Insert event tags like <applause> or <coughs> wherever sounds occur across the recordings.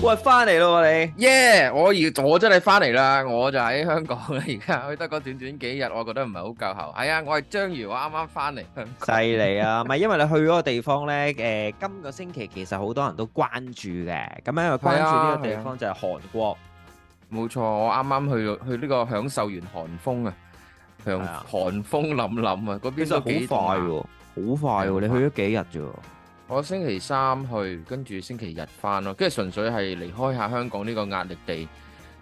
喂，翻嚟咯，你？Yeah，我而我真係翻嚟啦，我就喺香港啦，而家去得嗰短短幾日，我覺得唔係好夠喉。係啊，我係章魚，我啱啱翻嚟香港。犀利啊，咪因為你去嗰個地方咧？誒，今個星期其實好多人都關注嘅，咁樣又關注呢個地方就係韓國。冇錯，我啱啱去去呢個享受完韓風啊，響寒風凛凛啊，嗰邊都好快喎，好快喎，你去咗幾日啫？我星期三去，跟住星期日翻咯，跟住純粹係離開下香港呢個壓力地。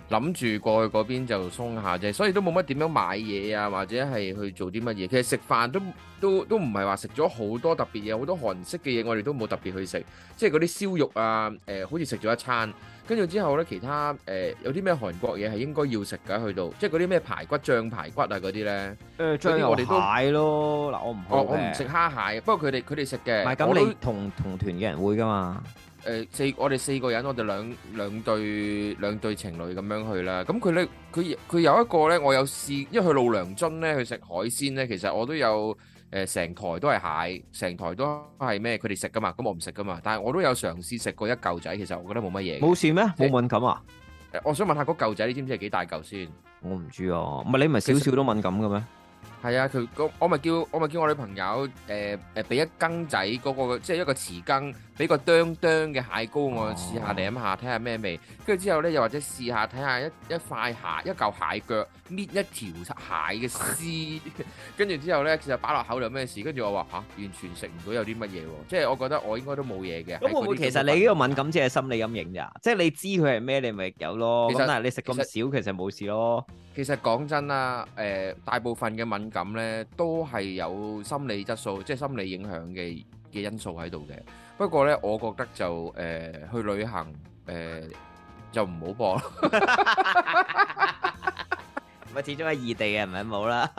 諗住過去嗰邊就鬆下啫，所以都冇乜點樣買嘢啊，或者係去做啲乜嘢。其實食飯都都都唔係話食咗好多特別嘢，好多韓式嘅嘢我哋都冇特別去食，即係嗰啲燒肉啊，誒、呃、好似食咗一餐。跟住之後咧，其他誒、呃、有啲咩韓國嘢係應該要食㗎去到，即係嗰啲咩排骨醬排骨啊嗰啲咧。誒醬、呃、有蟹咯，嗱我唔、哦。我唔食蝦蟹，不過佢哋佢哋食嘅。唔係咁，是都你同同團嘅人，人會㗎嘛？誒四，我哋四個人，我哋兩兩對兩對情侶咁樣去啦。咁佢咧，佢佢有一個咧，我有試，因為去鷺梁津咧，去食海鮮咧，其實我都有誒，成台都係蟹，成台都係咩？佢哋食噶嘛，咁我唔食噶嘛。但係我都有嘗試食過一嚿仔，其實我覺得冇乜嘢。冇事咩？冇敏感啊？我想問下嗰嚿仔，你知唔知係幾大嚿先？我唔知啊。唔係你咪少少都敏感嘅咩？係啊，佢我我咪叫我咪叫我女朋友誒誒俾一羹仔嗰個，即係一個匙羹。俾個釒釒嘅蟹膏，我試下舐下，睇下咩味。跟住之後咧，又或者試下睇下一一塊蟹、一嚿蟹腳，搣一條蟹嘅絲。跟住、啊、之後咧，其實擺落口有咩事？跟住我話嚇、啊，完全食唔到有啲乜嘢喎。即係我覺得我應該都冇嘢嘅。咁會唔會其實你呢個敏感即係心理陰影咋？即係你知佢係咩，你咪有咯。其實但係你食咁少，其實冇事咯。其實講真啦，誒、呃，大部分嘅敏感咧都係有心理質素，即係心理影響嘅嘅因素喺度嘅。不過咧，我覺得就誒去旅行誒就唔好播，咁啊始終係異地嘅，係咪唔好啦？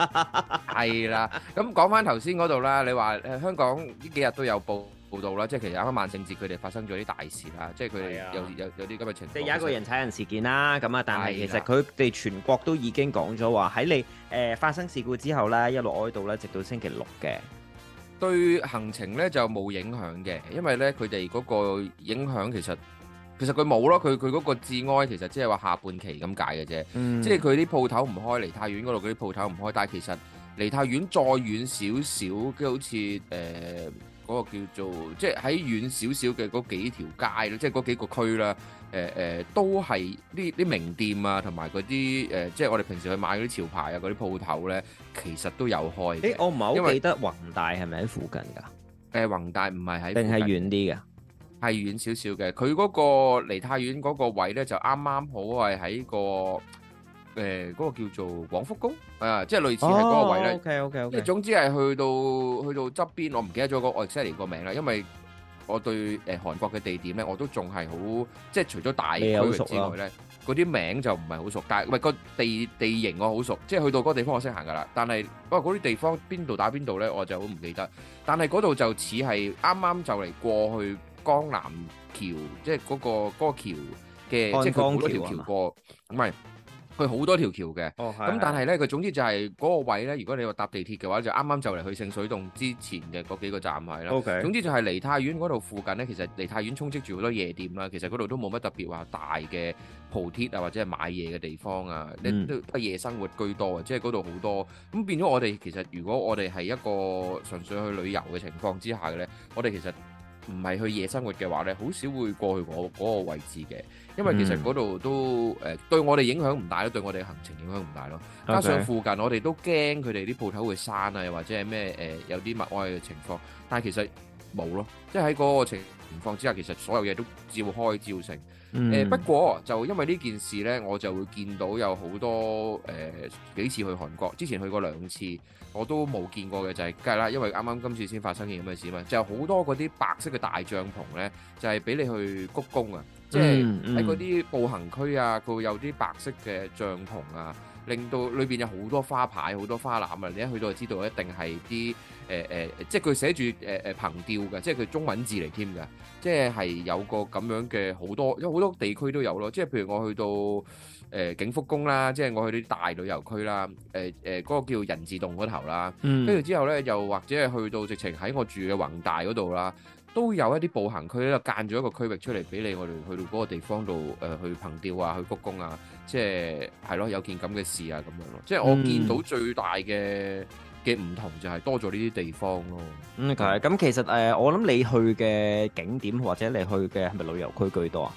係啦，咁講翻頭先嗰度啦，你話香港呢幾日都有報報導啦，即係其實啱啱萬聖節佢哋發生咗啲大事啦，即係佢哋有有有啲咁嘅情況。即係有一個人踩人事件啦，咁、so, 啊，但係其實佢哋全國都已經講咗話，喺你誒發生事故之後咧，一路哀悼咧，直到星期六嘅。對行程咧就冇影響嘅，因為咧佢哋嗰個影響其實其實佢冇咯，佢佢嗰個致哀其實即係話下半期咁解嘅啫，嗯、即係佢啲鋪頭唔開，梨泰院嗰度嗰啲鋪頭唔開，但係其實梨泰院再遠少少，即好似誒。呃嗰個叫做即係喺遠少少嘅嗰幾條街咯，即係嗰幾個區啦，誒誒都係啲啲名店啊，同埋嗰啲誒，即係我哋平時去買嗰啲潮牌啊嗰啲鋪頭咧，其實都有開。誒，我唔係好記得宏大係咪喺附近㗎？誒，宏大唔係喺定係遠啲㗎？係遠少少嘅，佢嗰個梨泰院嗰個位咧，就啱啱好係喺個。誒嗰個叫做廣福宮，啊，即係類似係嗰個位咧。OK OK OK。總之係去到去到側邊，我唔記得咗個愛沙尼個名啦，因為我對誒韓國嘅地點咧，我都仲係好，即係除咗大區域之外咧，嗰啲名就唔係好熟。但唔係個地地形我好熟，即係去到嗰個地方我識行噶啦。但係哇，嗰啲地方邊度打邊度咧，我就好唔記得。但係嗰度就似係啱啱就嚟過去江南橋，即係嗰個嗰個橋嘅，即係佢過嗰條橋過唔係。佢好多條橋嘅，咁、哦、但係咧，佢總之就係嗰個位咧。如果你話搭地鐵嘅話，就啱啱就嚟去聖水洞之前嘅嗰幾個站位啦。Okay. 總之就係梨泰院嗰度附近咧，其實梨泰院充斥住好多夜店啦。其實嗰度都冇乜特別話大嘅蒲鐵啊，或者係買嘢嘅地方啊，你都都夜生活居多嘅，即係嗰度好多。咁變咗我哋其實，如果我哋係一個純粹去旅遊嘅情況之下嘅咧，我哋其實。唔係去夜生活嘅話咧，好少會過去我嗰個位置嘅，因為其實嗰度都誒對我哋影響唔大咯，對我哋行程影響唔大咯。Okay. 加上附近我哋都驚佢哋啲鋪頭會閂啊，或者係咩誒有啲物哀嘅情況，但係其實冇咯，即係喺嗰個情情況之下，其實所有嘢都照開照成。誒、嗯呃、不過就因為呢件事呢，我就會見到有好多誒、呃、幾次去韓國，之前去過兩次我都冇見過嘅就係、是，梗係啦，因為啱啱今次先發生嘅咁嘅事嘛，就好、是、多嗰啲白色嘅大帳篷呢，就係、是、俾你去鞠躬啊，即係喺嗰啲步行區啊，佢會有啲白色嘅帳篷啊，令到裏邊有好多花牌、好多花籃啊，你一去到就知道一定係啲。誒誒、呃，即係佢寫住誒誒憑吊嘅，即係佢中文字嚟添㗎，即係係有個咁樣嘅好多，因為好多地區都有咯。即係譬如我去到誒、呃、景福宮啦，即係我去啲大旅遊區啦，誒誒嗰個叫人字洞嗰頭啦，跟住、嗯、之後咧，又或者係去到直情喺我住嘅弘大嗰度啦，都有一啲步行區咧，間住一個區域出嚟俾你，我哋去到嗰個地方度誒、呃、去憑吊啊，去福宮啊，即係係咯有件咁嘅事啊咁樣咯。即係、嗯、我見到最大嘅。嘅唔同就係多咗呢啲地方咯，嗯咁、okay，其實誒，我諗你去嘅景點或者你去嘅係咪旅遊區居多啊？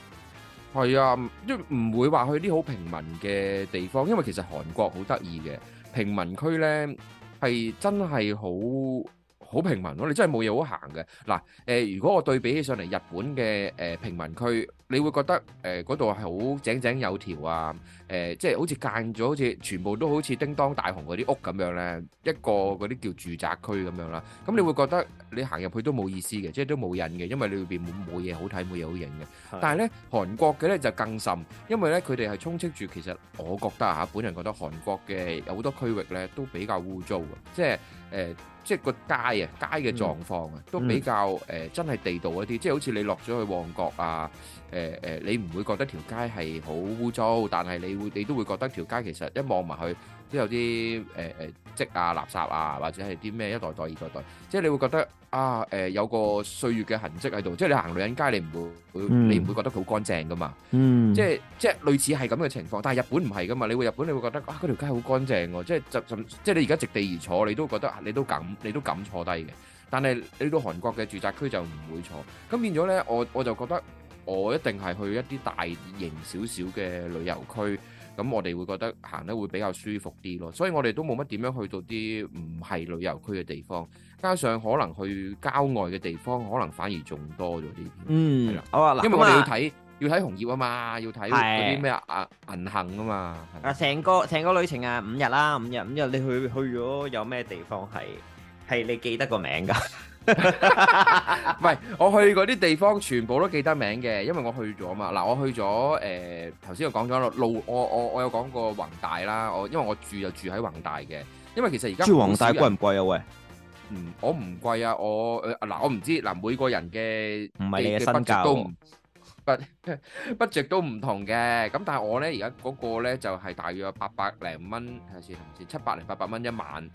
係啊，即唔會話去啲好平民嘅地方，因為其實韓國好得意嘅平民區咧係真係好。好平民咯，你真係冇嘢好行嘅。嗱，誒，如果我對比起上嚟日本嘅誒平民區，你會覺得誒嗰度係好井井有條啊，誒，即係好似間咗，好似全部都好似叮當大雄嗰啲屋咁樣咧，一個嗰啲叫住宅區咁樣啦。咁你會覺得你行入去都冇意思嘅，即係都冇癮嘅，因為裏邊冇冇嘢好睇，冇嘢好影嘅。但係咧，韓國嘅咧就更甚，因為咧佢哋係充斥住。其實我覺得啊，本人覺得韓國嘅有好多區域咧都比較污糟嘅，即係誒。即係個街啊，街嘅狀況啊，嗯、都比較誒、呃，真係地道一啲，嗯、即係好似你落咗去旺角啊。誒誒，你唔會覺得條街係好污糟，但係你會，你都會覺得條街其實一望埋去都有啲誒誒積啊、垃圾啊，或者係啲咩一袋袋、二袋袋，即係你會覺得啊誒有個歲月嘅痕跡喺度。即係你行女人街，你唔會會你唔會覺得佢好乾淨㗎嘛。嗯，即係即係類似係咁嘅情況，但係日本唔係㗎嘛。你去日本，你會覺得哇，嗰條街好乾淨㗎，即係就就即係你而家席地而坐，你都覺得你都敢你都敢坐低嘅。但係你到韓國嘅住宅區就唔會坐咁變咗咧。我我就覺得。我一定係去一啲大型少少嘅旅遊區，咁我哋會覺得行得會比較舒服啲咯。所以我哋都冇乜點樣去到啲唔係旅遊區嘅地方，加上可能去郊外嘅地方，可能反而仲多咗啲。嗯，我話啦，因為我哋要睇要睇紅葉啊嘛，要睇嗰啲咩銀銀杏啊嘛。啊，成個成個旅程啊，五日啦，五日五日，你去去咗有咩地方係係你記得個名㗎？唔係， <laughs> 我去嗰啲地方全部都記得名嘅，因為我去咗嘛。嗱，我去咗誒，頭先我講咗咯，路我我我有講過宏大啦，我因為我住就住喺宏大嘅，因為其實而家住宏大貴唔貴啊？喂，嗯，我唔貴啊，我嗱、呃，我唔知嗱，每個人嘅唔係你嘅薪金都不都不值都唔同嘅，咁、嗯、但係我咧而家嗰個咧就係、是、大約八百零蚊，係咪先？七百零八百蚊一晚。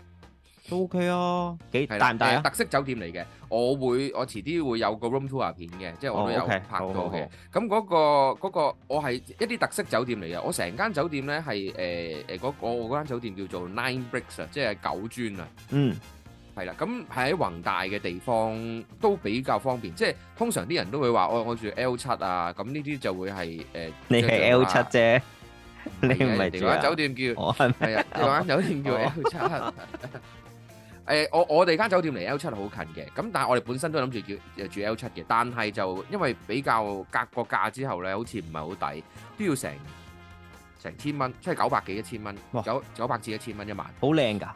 都 OK 啊，幾大唔大啊？特色酒店嚟嘅，我會我遲啲會有個 room tour 片嘅，即係我都有拍過嘅。咁嗰個嗰個我係一啲特色酒店嚟嘅，我成間酒店咧係誒誒嗰個嗰間酒店叫做 Nine Bricks 啊，即係九磚啊。嗯，係啦。咁喺弘大嘅地方都比較方便，即係通常啲人都會話我我住 L 七啊，咁呢啲就會係誒。你係 L 七啫，你唔係住間酒店叫我係啊，住間酒店叫 L 七，誒，我我哋間酒店離 L 七係好近嘅，咁但係我哋本身都諗住叫誒住 L 七嘅，但係就因為比較隔個價之後咧，好似唔係好抵，都要成成千蚊，即係九百幾一千蚊。哇，九九百至一千蚊一晚，好靚㗎。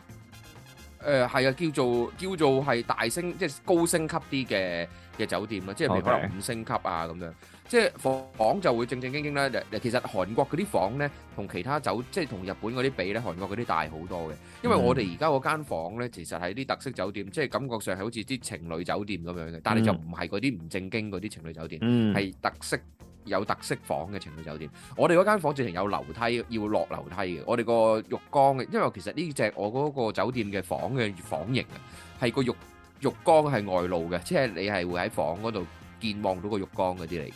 誒係啊，叫做叫做係大星，即係高星級啲嘅嘅酒店咯，即係譬如可能五星級啊咁 Okay. 樣。即房房就會正正經經啦。其實韓國嗰啲房呢，同其他酒即係同日本嗰啲比呢，韓國嗰啲大好多嘅。因為我哋而家嗰間房呢，其實係啲特色酒店，即係感覺上係好似啲情侶酒店咁樣嘅。但係就唔係嗰啲唔正經嗰啲情侶酒店，係、嗯、特色有特色房嘅情侶酒店。嗯、我哋嗰間房直情有樓梯，要落樓梯嘅。我哋個浴缸嘅，因為其實呢隻我嗰個酒店嘅房嘅房型係個浴浴缸係外露嘅，即係你係會喺房嗰度見望到個浴缸嗰啲嚟嘅。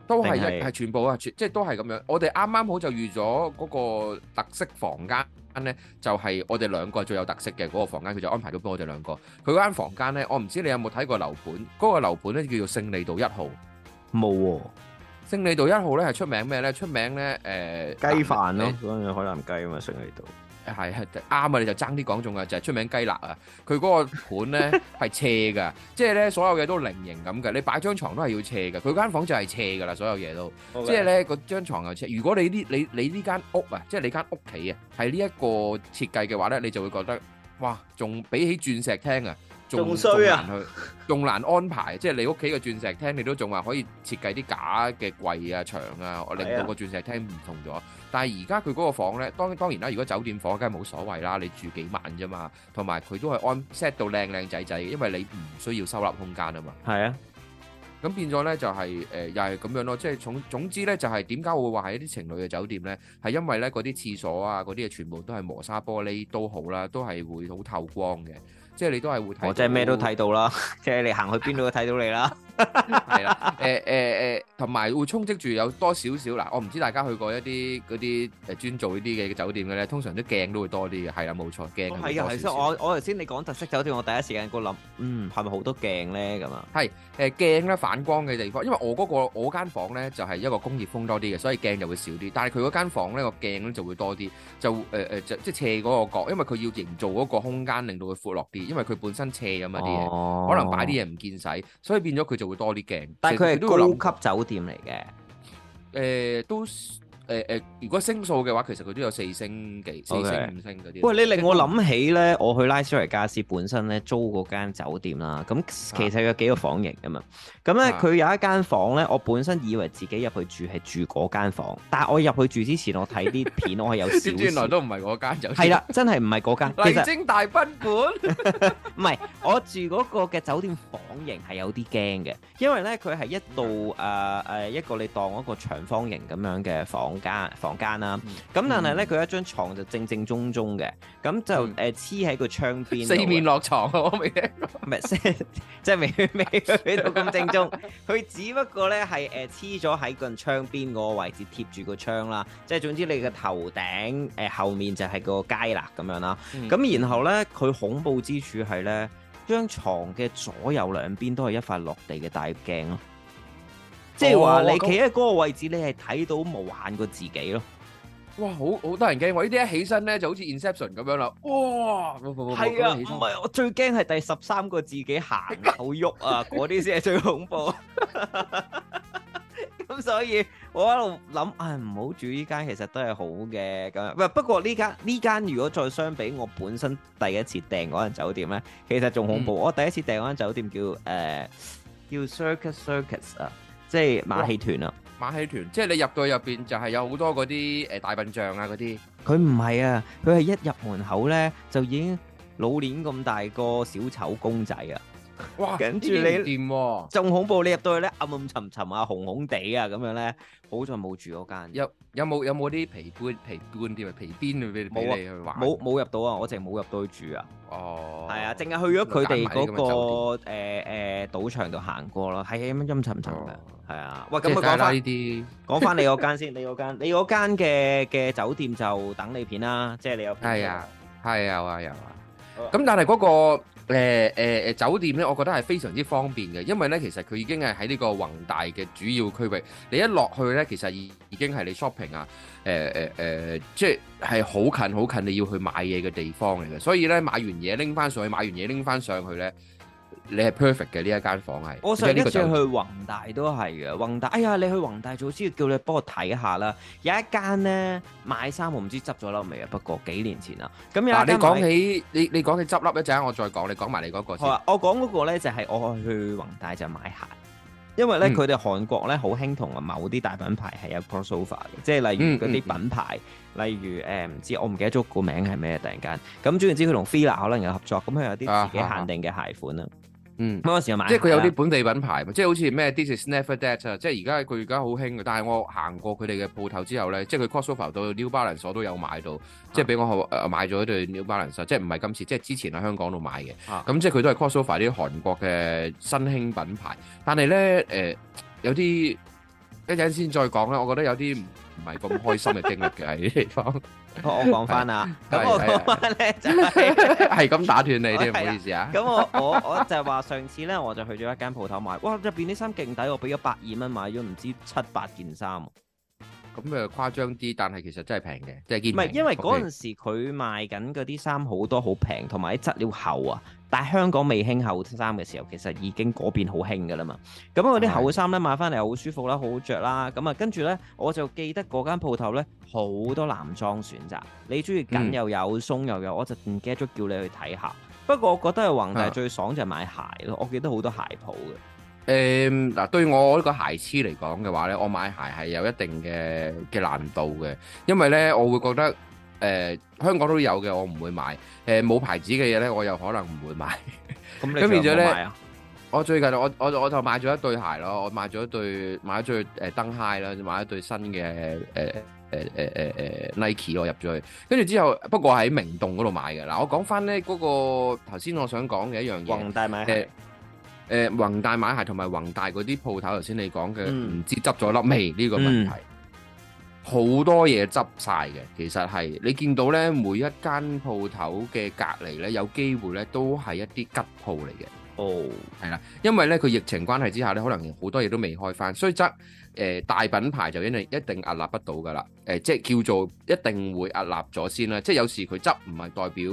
都係係全部啊，即係都係咁樣。我哋啱啱好就預咗嗰個特色房間咧，就係我哋兩個最有特色嘅嗰個房間，佢就安排咗俾我哋兩個。佢間房間咧，我唔知你有冇睇過樓盤，嗰個樓盤咧叫做勝利道一號。冇，勝利道一號咧係出名咩咧？出名咧，誒，雞飯咯，嗰陣海南雞啊嘛，勝利道。係啊，啱啊！你就爭啲講中啊，就係、是、出名雞肋啊！佢嗰個盤咧係斜噶 <laughs> 即係咧所有嘢都菱形咁嘅。你擺張床都係要斜噶，佢間房就係斜噶啦，所有嘢都，都，都，Okay. 即係咧個張床又斜。如果你呢你你呢間屋啊，即係你間屋企啊，係呢一個設計嘅話咧，你就會覺得哇，仲比起鑽石廳啊！仲衰啊！仲難，難安排， <laughs> 即係你屋企嘅鑽石廳，你都仲話可以設計啲假嘅櫃啊牆啊，令到個鑽石廳唔同咗。啊、但係而家佢嗰個房呢，當當然啦，如果酒店房，梗係冇所謂啦，你住幾晚啫嘛。同埋佢都係安 set 到靚靚仔仔嘅，因為你唔需要收納空間啊嘛。係啊，咁變咗呢、就是呃，就係、是、誒，又係咁樣咯。即係總總之呢，就係點解我會話係一啲情侶嘅酒店呢？係因為呢嗰啲廁所啊，嗰啲嘢全部都係磨砂玻璃都好啦，都係會好透光嘅。即係你都係會睇，我真係咩都睇到啦。 <laughs> 即係你行去邊度都睇到你啦。 <laughs> 係啦，誒誒誒，同埋會充積斥住有多少少嗱，我唔知大家去過一啲嗰啲誒專做呢啲嘅酒店嘅咧，通常啲鏡都會多啲嘅，係啦，冇錯，鏡係啊係，所以我我頭先你講特色酒店，我第一時間個諗，嗯，係咪好多鏡咧咁啊。係誒鏡咧反光嘅地方，因為我嗰個我間房咧就係一個工業風多啲嘅，所以鏡就會少啲。但係佢嗰間房咧個鏡咧就會多啲，就誒誒即係斜嗰個角，因為佢要營造嗰個空間，令到佢闊落啲，因為佢本身斜咁啊啲嘢，可能擺啲嘢唔見使，所以變咗佢。就會多啲鏡，但係佢係個高級酒店嚟嘅，呃，誒都。誒誒，如果星數嘅話，其實佢都有四星幾、Okay. 四星五星嗰啲。喂，你令我諗起咧，我去拉斯維加斯本身咧租嗰間酒店啦，咁其實有幾個房型噶嘛。咁咧佢有一間房咧，我本身以為自己入去住係住嗰間房，但係我入去住之前我睇啲片，我係有少少。 <laughs> 原來都唔係嗰間酒店。係啦、那個，真係唔係嗰間。麗晶大賓館唔係，我住嗰個嘅酒店房型係有啲驚嘅，因為咧佢係一度誒誒一個你當一個長方形咁樣嘅房。間房間啦、啊，咁但係咧佢一張床就正正宗宗嘅，咁、嗯、就誒黐喺個窗邊，四面落床我未聽過，唔係即係未未到咁正宗。佢 <laughs> 只不過咧係誒黐咗喺個窗邊嗰個位置貼住個窗啦，即、就、係、是、總之你嘅頭頂誒、呃、後面就係個街啦咁樣啦。咁、嗯、然後咧佢恐怖之處係咧，張床嘅左右兩邊都係一塊落地嘅大鏡咯。即係話你企喺嗰個位置，你係睇到無限個自己咯。哇，好好得人驚！我呢啲一起身咧，就好似 inception 咁樣啦。哇，係啊，唔係我最驚係第十三個自己行後喐啊，嗰啲先係最恐怖。咁 <laughs> <laughs> 所以我喺度諗，唉，唔好住呢間，其實都係好嘅。咁唔係，不過呢間呢間如果再相比我本身第一次訂嗰間酒店咧，其實仲恐怖。嗯、我第一次訂嗰間酒店叫誒、呃、叫 Circus Circus 啊。即係馬戲團啊！馬戲團，即係你入到入邊就係有好多嗰啲誒大笨象啊嗰啲。佢唔係啊，佢係、啊、一入門口咧就已經老年咁大個小丑公仔啊！哇！跟住你店喎，仲恐怖！你入到去咧，暗暗沉沉啊，紅紅地啊，咁樣咧，好在冇住嗰間。有有冇有冇啲皮冠皮冠添啊？皮鞭俾你去玩。冇冇入到啊！我淨係冇入到去住啊。哦，係啊，淨係去咗佢哋嗰個誒誒賭場度行過咯，係咁樣陰沉沉嘅。係啊。喂，咁佢講翻呢啲，講翻你嗰間先，你嗰間，你嗰間嘅嘅酒店就等你片啦，即係你有。係啊，係有啊，有啊。咁但係嗰個。誒誒誒酒店咧，我覺得係非常之方便嘅，因為咧其實佢已經係喺呢個弘大嘅主要區域，你一落去咧，其實已已經係你 shopping 啊、呃，誒誒誒，即係係好近好近你要去買嘢嘅地方嚟嘅，所以咧買完嘢拎翻上去，買完嘢拎翻上去咧。你係 perfect 嘅呢一間房係，我上一次去宏大都係嘅，宏大，哎呀，你去宏大早知叫你幫我睇下啦。有一間咧買衫，我唔知執咗笠未啊。不過幾年前啦，咁有。嗱，你講起你你講起執笠一陣，我再講，你講埋你嗰個先。我講嗰個咧就係我去宏大就買鞋，因為咧佢哋韓國咧好興同某啲大品牌係有 collaboration 嘅，即係例如嗰啲品牌，例如誒唔知我唔記得咗個名係咩，突然間。咁總之佢同 Fila 可能有合作，咁佢有啲自己限定嘅鞋款啦。嗯，嗰個時候買，即係佢有啲本地品牌，吧即係好似咩 This Is Never That 啊，即係而家佢而家好興嘅。但係我行過佢哋嘅鋪頭之後咧，即係佢 Crossover 到 New Balance 都有買到，啊、即係俾我、呃、買咗對 New Balance，即係唔係今次，即係之前喺香港度買嘅。咁、啊嗯、即係佢都係 Crossover 啲韓國嘅新興品牌，但係咧誒，有啲一陣先再講啦。我覺得有啲唔係咁開心嘅經歷嘅喺呢啲地方。 <laughs> 嗯，我講翻啊，咁我講翻咧就係係咁打斷你添，唔 <laughs> 是好意思啊。咁我我我就係話上次咧，我就去咗一間鋪頭買，哇，入邊啲衫勁抵，我俾咗百二蚊買咗唔知七八件衫。咁誒誇張啲，但係其實真係平嘅，即係堅。唔係因為嗰陣時佢賣緊嗰啲衫好多好平，同埋啲質料厚啊。但係香港未興厚衫嘅時候，其實已經嗰邊好興噶啦嘛。咁嗰啲厚衫咧買翻嚟好舒服啦，好着啦。咁啊，跟住咧，我就記得嗰間鋪頭咧好多男裝選擇。你鍾意緊又有、嗯、鬆又有，我就唔記得咗叫你去睇下。不過我覺得喺弘大最爽就係買鞋咯。啊、我記得好多鞋鋪嘅。誒，嗱，對我呢個鞋痴嚟講嘅話咧，我買鞋係有一定嘅嘅難度嘅，因為咧我會覺得，誒，香港都有嘅，我唔會買，誒，冇牌子嘅嘢咧，我又可能唔會買。咁咁變咗咧，我最近我我我就買咗一對鞋咯，我買咗對買咗對誒燈鞋啦，買一對新嘅誒誒誒誒誒 Nike 咯，入咗去，跟住之後不過喺明洞嗰度買嘅。嗱，我講翻咧嗰個頭先我想講嘅一樣嘢，恒大買鞋。誒宏大買鞋同埋宏大嗰啲鋪頭，頭先你講嘅唔知執咗粒未呢個問題，好多嘢執曬嘅，其實係你見到咧，每一間鋪頭嘅隔離咧，有機會咧都係一啲吉鋪嚟嘅。哦，係啦，因為咧佢疫情關係之下咧，可能好多嘢都未開翻，所以執誒大品牌就一定一定屹立不倒㗎啦。誒，即係叫做一定會屹立咗先啦。即係有時佢執唔係代表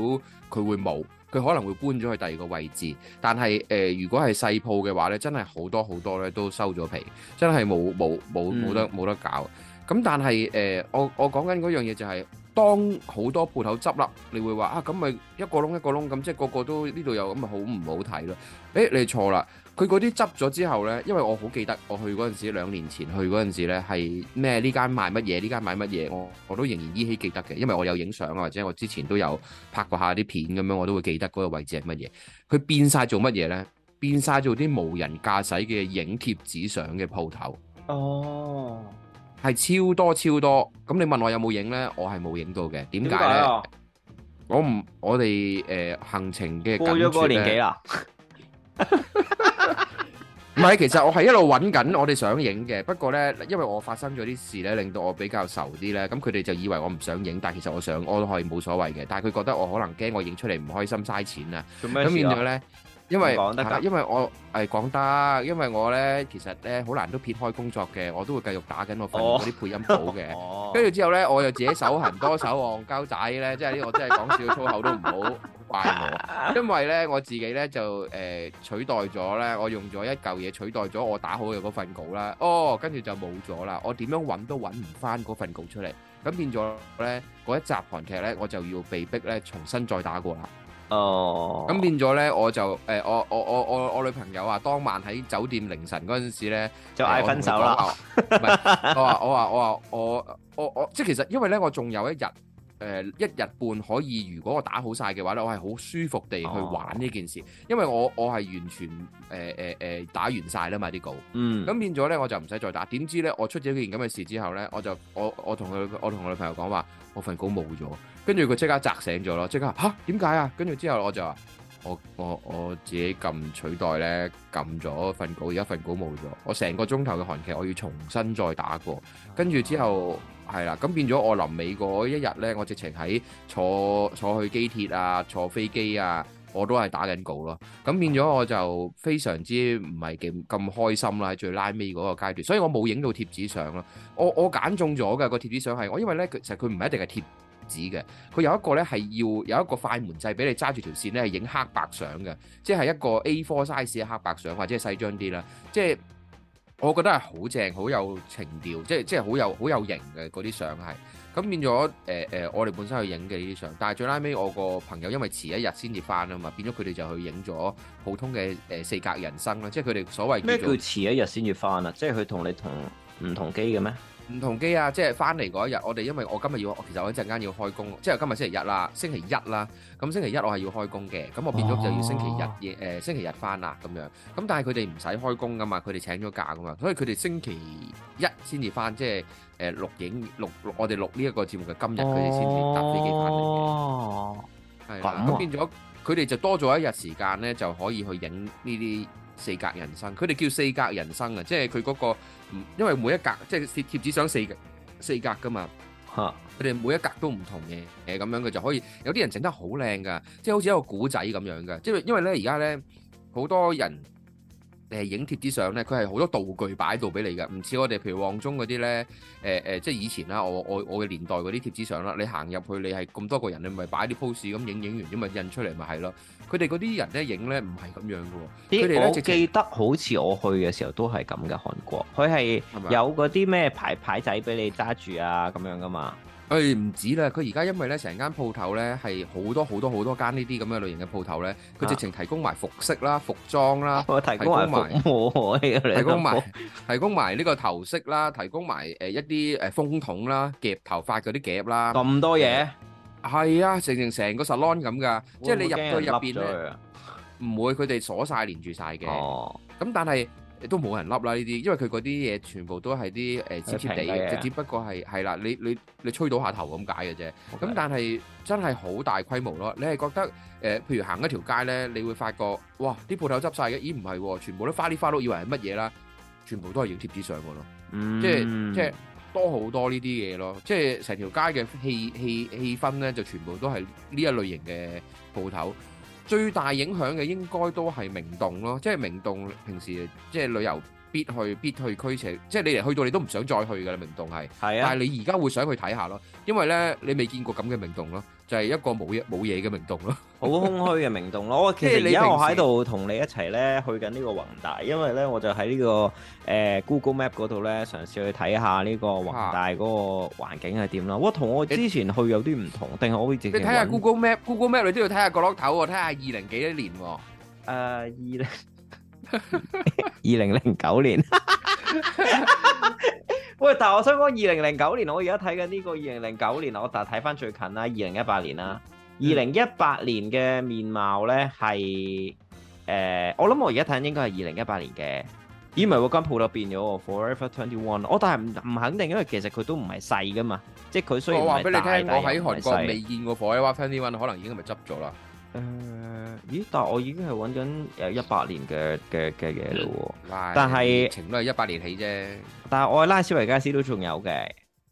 佢會冇。佢可能會搬咗去第二個位置，但係誒、呃，如果係細鋪嘅話咧，真係好多好多咧都收咗皮，真係冇冇冇冇得冇得搞。咁、嗯、但係誒、呃，我我講緊嗰樣嘢就係、是，當好多鋪頭執笠，你會話啊，咁咪一個窿一個窿咁，即係個個都呢度有，咁咪好唔好睇咯？誒，你錯啦。佢嗰啲執咗之後呢，因為我好記得我去嗰陣時，兩年前去嗰陣時呢係咩？呢間賣乜嘢？呢間賣乜嘢？我我都仍然依稀記得嘅，因為我有影相啊，或者我之前都有拍過下啲片咁樣，我都會記得嗰個位置係乜嘢。佢變晒做乜嘢呢？變晒做啲無人駕駛嘅影貼紙相嘅鋪頭。哦，係超多超多。咁你問我有冇影呢？我係冇影到嘅。點解呢？我唔，我哋誒、呃、行程嘅過咗年紀啦。 <laughs> <laughs> 唔係，其實我係一路揾緊我哋想影嘅。不過咧，因為我發生咗啲事咧，令到我比較愁啲咧。咁佢哋就以為我唔想影，但係其實我想，我都可以冇所謂嘅。但係佢覺得我可能驚我影出嚟唔開心，嘥錢啊。咁變咗咧，因為因為我係講得，因為我咧其實咧好難都撇開工作嘅，我都會繼續打緊我份嗰啲配音稿嘅。哦。跟住之後咧，我又自己手痕多手戇鳩仔咧，即係啲我真係講少粗口都唔好。怪我，因為咧我自己咧就誒、呃、取代咗咧，我用咗一嚿嘢取代咗我打好嘅嗰份稿啦。哦，跟住就冇咗啦。我點樣揾都揾唔翻嗰份稿出嚟，咁變咗咧嗰一集韓劇咧，我就要被逼咧重新再打過啦。哦，咁變咗咧我就誒、呃、我我我我我，我女朋友啊，當晚喺酒店凌晨嗰陣時咧就嗌分手啦。唔係、 <laughs> 哦，我話我話我話我我我，我，我即係其實因為咧我仲有一日。誒、呃、一日半可以，如果我打好晒嘅話咧，我係好舒服地去玩呢件事，oh. 因為我我係完全誒誒誒打完晒啦。買啲稿，咁、mm. 變咗咧我就唔使再打。點知咧我出咗件咁嘅事之後咧，我就我我同佢我同我女朋友講話，我份稿冇咗，跟住佢即刻擲醒咗咯，即刻嚇點解啊？跟住、啊、之後我就話。我我我自己撳取代咧撳咗份稿，而家份稿冇咗，我成個鐘頭嘅韓劇我要重新再打過，跟住之後係啦，咁變咗我臨尾嗰一日咧，我直情喺坐坐去機鐵啊，坐飛機啊，我都係打緊稿咯。咁變咗我就非常之唔係幾咁開心啦，喺最拉尾嗰個階段，所以我冇影到貼紙相咯。我我揀中咗嘅嗰個貼紙相係，我因為咧其實佢唔係一定係貼紙嘅，佢有一個咧係要有一個快門掣俾你揸住條線咧影黑白相嘅，即係一個 A4 size 嘅黑白相，或者係細張啲啦。即係我覺得係好正，好有情調，即係即係好有好有型嘅嗰啲相係。咁變咗誒誒，我哋本身去影嘅呢啲相，但係最拉尾我個朋友因為遲一日先至翻啊嘛，變咗佢哋就去影咗普通嘅誒、呃、四格人生啦。即係佢哋所謂咩叫做遲一日先至翻啊？即係佢同你同唔同機嘅咩？唔同機啊！即係翻嚟嗰一日，我哋因為我今日要，其實我一陣間要開工，即係今日星期日啦，星期一啦。咁星期一我係要開工嘅，咁我變咗就要星期日，誒星期日翻啦咁樣。咁但係佢哋唔使開工㗎嘛，佢哋請咗假㗎嘛，所以佢哋星期一先至翻，即係誒錄影錄，我哋錄呢一個節目嘅今日佢哋先至搭飛機翻嚟嘅。係咁啊！咁變咗佢哋就多咗一日時間咧，就可以去影呢啲。四格人生，佢哋叫四格人生啊，即係佢嗰個，因為每一格即係貼貼紙上四格四格噶嘛，吓佢哋每一格都唔同嘅。誒咁樣嘅就可以，有啲人整得好靚噶，即係好似一個古仔咁樣噶，即係因為咧而家咧好多人。誒影貼紙相，咧，佢係好多道具擺到俾你㗎，唔似我哋譬如旺中嗰啲咧，誒、呃、誒即係以前啦，我我我嘅年代嗰啲貼紙相啦，你行入去你係咁多個人，你咪擺啲 pose 咁影影完啫嘛，印出嚟咪係咯。佢哋嗰啲人咧影咧唔係咁樣嘅喎，佢哋咧。咦直我記得好似我去嘅時候都係咁嘅韓國，佢係有嗰啲咩牌牌仔俾你揸住啊咁樣噶嘛。誒唔止啦！佢而家因為咧，成間鋪頭咧係好多好多好多間呢啲咁嘅類型嘅鋪頭咧，佢直情提供埋服飾啦、服裝啦，提供埋服務，提供埋提供埋呢個頭飾啦，提供埋誒一啲誒風筒啦、夾頭髮嗰啲夾啦，咁多嘢係啊，成成成個 salon 咁噶，即係你入到入邊咧，唔會佢哋鎖曬連住曬嘅。咁但係。亦都冇人笠啦呢啲，因為佢嗰啲嘢全部都係啲誒貼貼地嘅，只不過係係啦，你你你吹到下頭咁解嘅啫。咁但係真係好大規模咯。你係覺得誒，譬如行一條街咧，你會發覺哇，啲鋪頭執曬嘅，咦唔係，全部都花哩花碌，以為係乜嘢啦？全部都係影貼紙上嘅咯，即係即係多好多呢啲嘢咯。即係成條街嘅氣氣氣氛咧，就全部都係呢一類型嘅鋪頭。最大影響嘅應該都係明洞咯，即係明洞平時即係旅遊必去必去驅邪，即係你嚟去到你都唔想再去㗎啦，明洞係。係啊，但係你而家會想去睇下咯，因為咧你未見過咁嘅明洞咯。就係一個冇嘢冇嘢嘅明洞咯，好 <laughs> 空虛嘅明洞咯。我其實而家我喺度同你一齊咧去緊呢個宏大，因為咧我就喺呢、這個誒、呃、Google Map 嗰度咧嘗試去睇下呢個宏大嗰個環境係點咯。我同我之前去有啲唔同，定係你我會直接你睇下 Go Map, Google Map，Google Map 你都要睇下角落頭，睇下二零幾多年喎、哦。二零二零零九年。 <laughs> 喂，但我想講，二零零九年，我而家睇緊呢個二零零九年，我但係睇翻最近啦，二零一八年啦，二零一八年嘅面貌咧係，誒、呃，我諗我而家睇緊應該係二零一八年嘅，咦，唔係喎，間鋪頭變咗，Forever Twenty One，我但係唔唔肯定，因為其實佢都唔係細噶嘛，即係佢雖然我話俾你聽，我喺韓國未見過 Forever Twenty One，可能已經係咪執咗啦。誒、呃，咦？但係我已經係搵緊有一八年嘅嘅嘅嘢咯喎，哇但係是情都係一八年起啫。但係我拉斯維加斯都仲有嘅。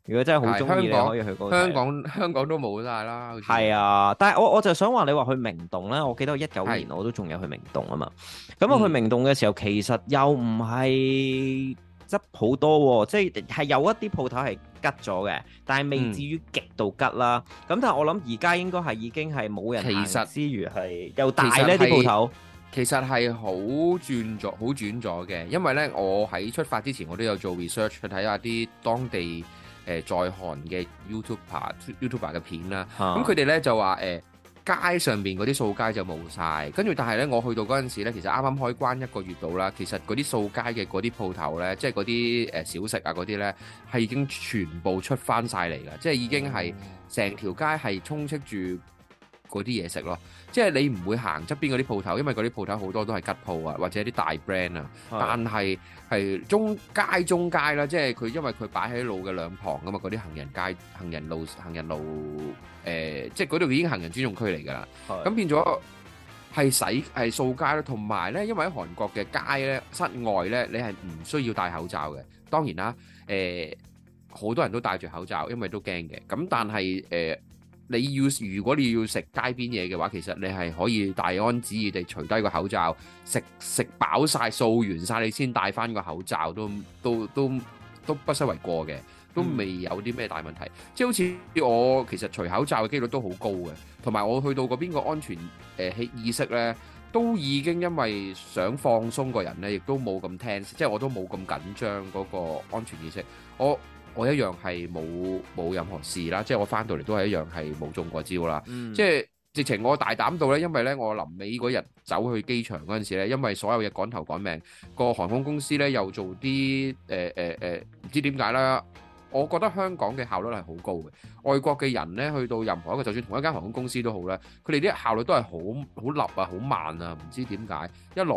如果真係好中意咧，可以去嗰。香港香港都冇晒啦。係啊，但係我我就想話你話去明洞啦。我記得我一九年是我都仲有去明洞啊嘛。咁我去明洞嘅時候，嗯、其實又唔係。執好多喎，即係係有一啲鋪頭係吉咗嘅，但係未至於極度吉啦。咁、嗯、但係我諗而家應該係已經係冇人其實之餘係又大呢啲鋪頭，其實係好轉咗好轉咗嘅。因為呢，我喺出發之前我都有做 research 去睇下啲當地誒、呃、在韓嘅 you YouTuber YouTuber 嘅片啦。咁佢哋呢就話誒。呃街上面嗰啲掃街就冇晒。跟住，但係咧，我去到嗰陣時咧，其實啱啱開關一個月度啦，其實嗰啲掃街嘅嗰啲鋪頭咧，即係嗰啲誒小食啊嗰啲咧，係已經全部出翻晒嚟啦，即係已經係成條街係充斥住，嗰啲嘢食咯，即係你唔會行側邊嗰啲鋪頭，因為嗰啲鋪頭好多都係吉鋪啊，或者啲大 brand 啊。但係係中街中街啦，即係佢因為佢擺喺路嘅兩旁噶嘛，嗰啲行人街、行人路、行人路誒，即係嗰度已經行人專用區嚟噶啦。咁變咗係洗係掃街咯，同埋咧，因為喺韓國嘅街咧，室外咧你係唔需要戴口罩嘅。當然啦，誒好多人都戴住口罩，因為都驚嘅。咁但係誒。你要如果你要食街邊嘢嘅話，其實你係可以大安旨意地除低個口罩，食食飽晒、掃完晒，你先戴翻個口罩都都都都不失為過嘅，都未有啲咩大問題。嗯、即係好似我其實除口罩嘅機率都好高嘅，同埋我去到嗰邊個安全誒、呃、意識呢，都已經因為想放鬆個人呢，亦都冇咁 tense，即係我都冇咁緊張嗰個安全意識，我。我一樣係冇冇任何事啦，即係我返到嚟都係一樣係冇中過招啦，嗯、即係直情我大膽到咧，因為咧我臨尾嗰日走去機場嗰陣時咧，因為所有嘢趕頭趕命，個航空公司咧又做啲誒誒誒，呃呃呃，唔知點解啦。我覺得香港嘅效率係好高嘅，外國嘅人咧去到任何一個，就算同一間航空公司都好咧，佢哋啲效率都係好好立啊，好慢啊，唔知點解。一來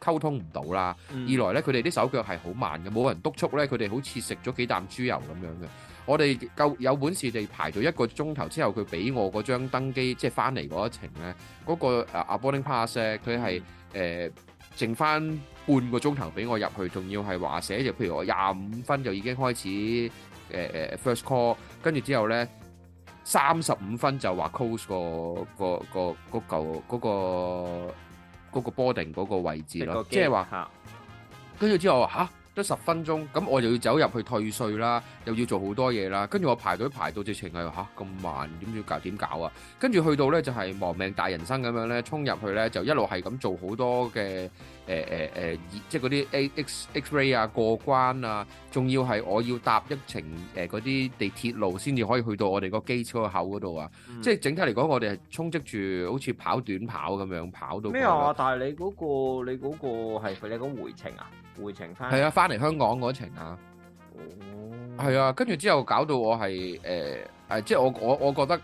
溝通唔到啦，二來咧佢哋啲手腳係好慢嘅，冇人督促咧，佢哋好似食咗幾啖豬油咁樣嘅。我哋夠有本事，你排到一個鐘頭之後，佢俾我嗰張登機即係翻嚟嗰一程咧，嗰個阿阿 boarding pass，佢係誒剩翻半個鐘頭俾我入去，仲要係話寫就譬如我廿五分就已經開始。誒誒 first call，跟住之後咧，三十五分就話 close 個個個舊個個個 boarding 嗰位置咯，即係話，跟 <noise> 住 <noise> 之後話嚇。啊。十分鐘咁，我就要走入去退稅啦，又要做好多嘢啦。跟住我排隊排到直情係吓咁慢，點要搞？點搞啊？跟住去到呢，就係、是、亡命大人生咁樣呢。衝入去呢，就一路係咁做好多嘅誒誒即係嗰啲 X X Ray 啊，過關啊，仲要係我要搭一程誒嗰啲地鐵路先至可以去到我哋個機車口嗰度啊。嗯、即係整體嚟講，我哋係充斥住好似跑短跑咁樣跑到。咩啊？但係你、嗰個你個係你個回程啊？回程翻係啊，翻嚟香港嗰程啊，係啊，跟住之後搞到我係誒誒，即係我我我覺得，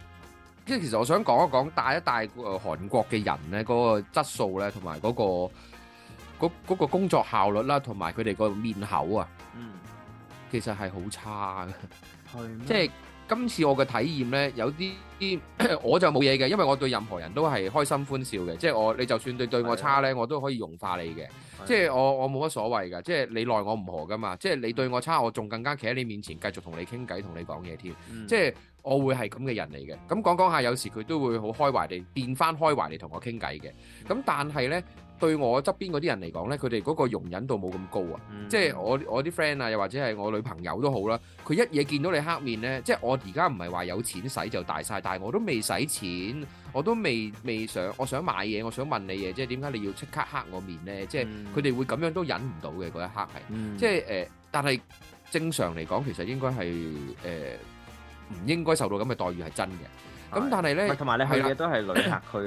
即係其實我想講一講帶一帶誒韓國嘅人咧，嗰個質素咧，同埋嗰個嗰嗰個工作效率啦，同埋佢哋個面口啊，嗯，其實係好差嘅，係咩？即係。今次我嘅體驗呢，有啲 <coughs> 我就冇嘢嘅，因為我對任何人都係開心歡笑嘅，即係我你就算對對我差呢，是的 我都可以融化你嘅是的，即係我我冇乜所謂㗎，即係你奈我唔何㗎嘛，即係你對我差，我仲更加企喺你面前繼續同你傾偈同你講嘢添，嗯、即係我會係咁嘅人嚟嘅。咁講講下，有時佢都會好開懷地變返開懷嚟同我傾偈嘅。咁但係呢。對我側邊嗰啲人嚟講咧，佢哋嗰個容忍度冇咁高啊！即係我我啲 friend 啊，又或者係我女朋友都好啦。佢一嘢見到你黑面咧，即係我而家唔係話有錢使就大晒，但係我都未使錢，我都未未想我想買嘢，我想問你嘢，即係點解你要即刻黑我面咧？即係佢哋會咁樣都忍唔到嘅嗰一刻係，即係誒。但係正常嚟講，其實應該係誒唔應該受到咁嘅待遇係真嘅。咁但係咧，同埋你去嘅都係旅客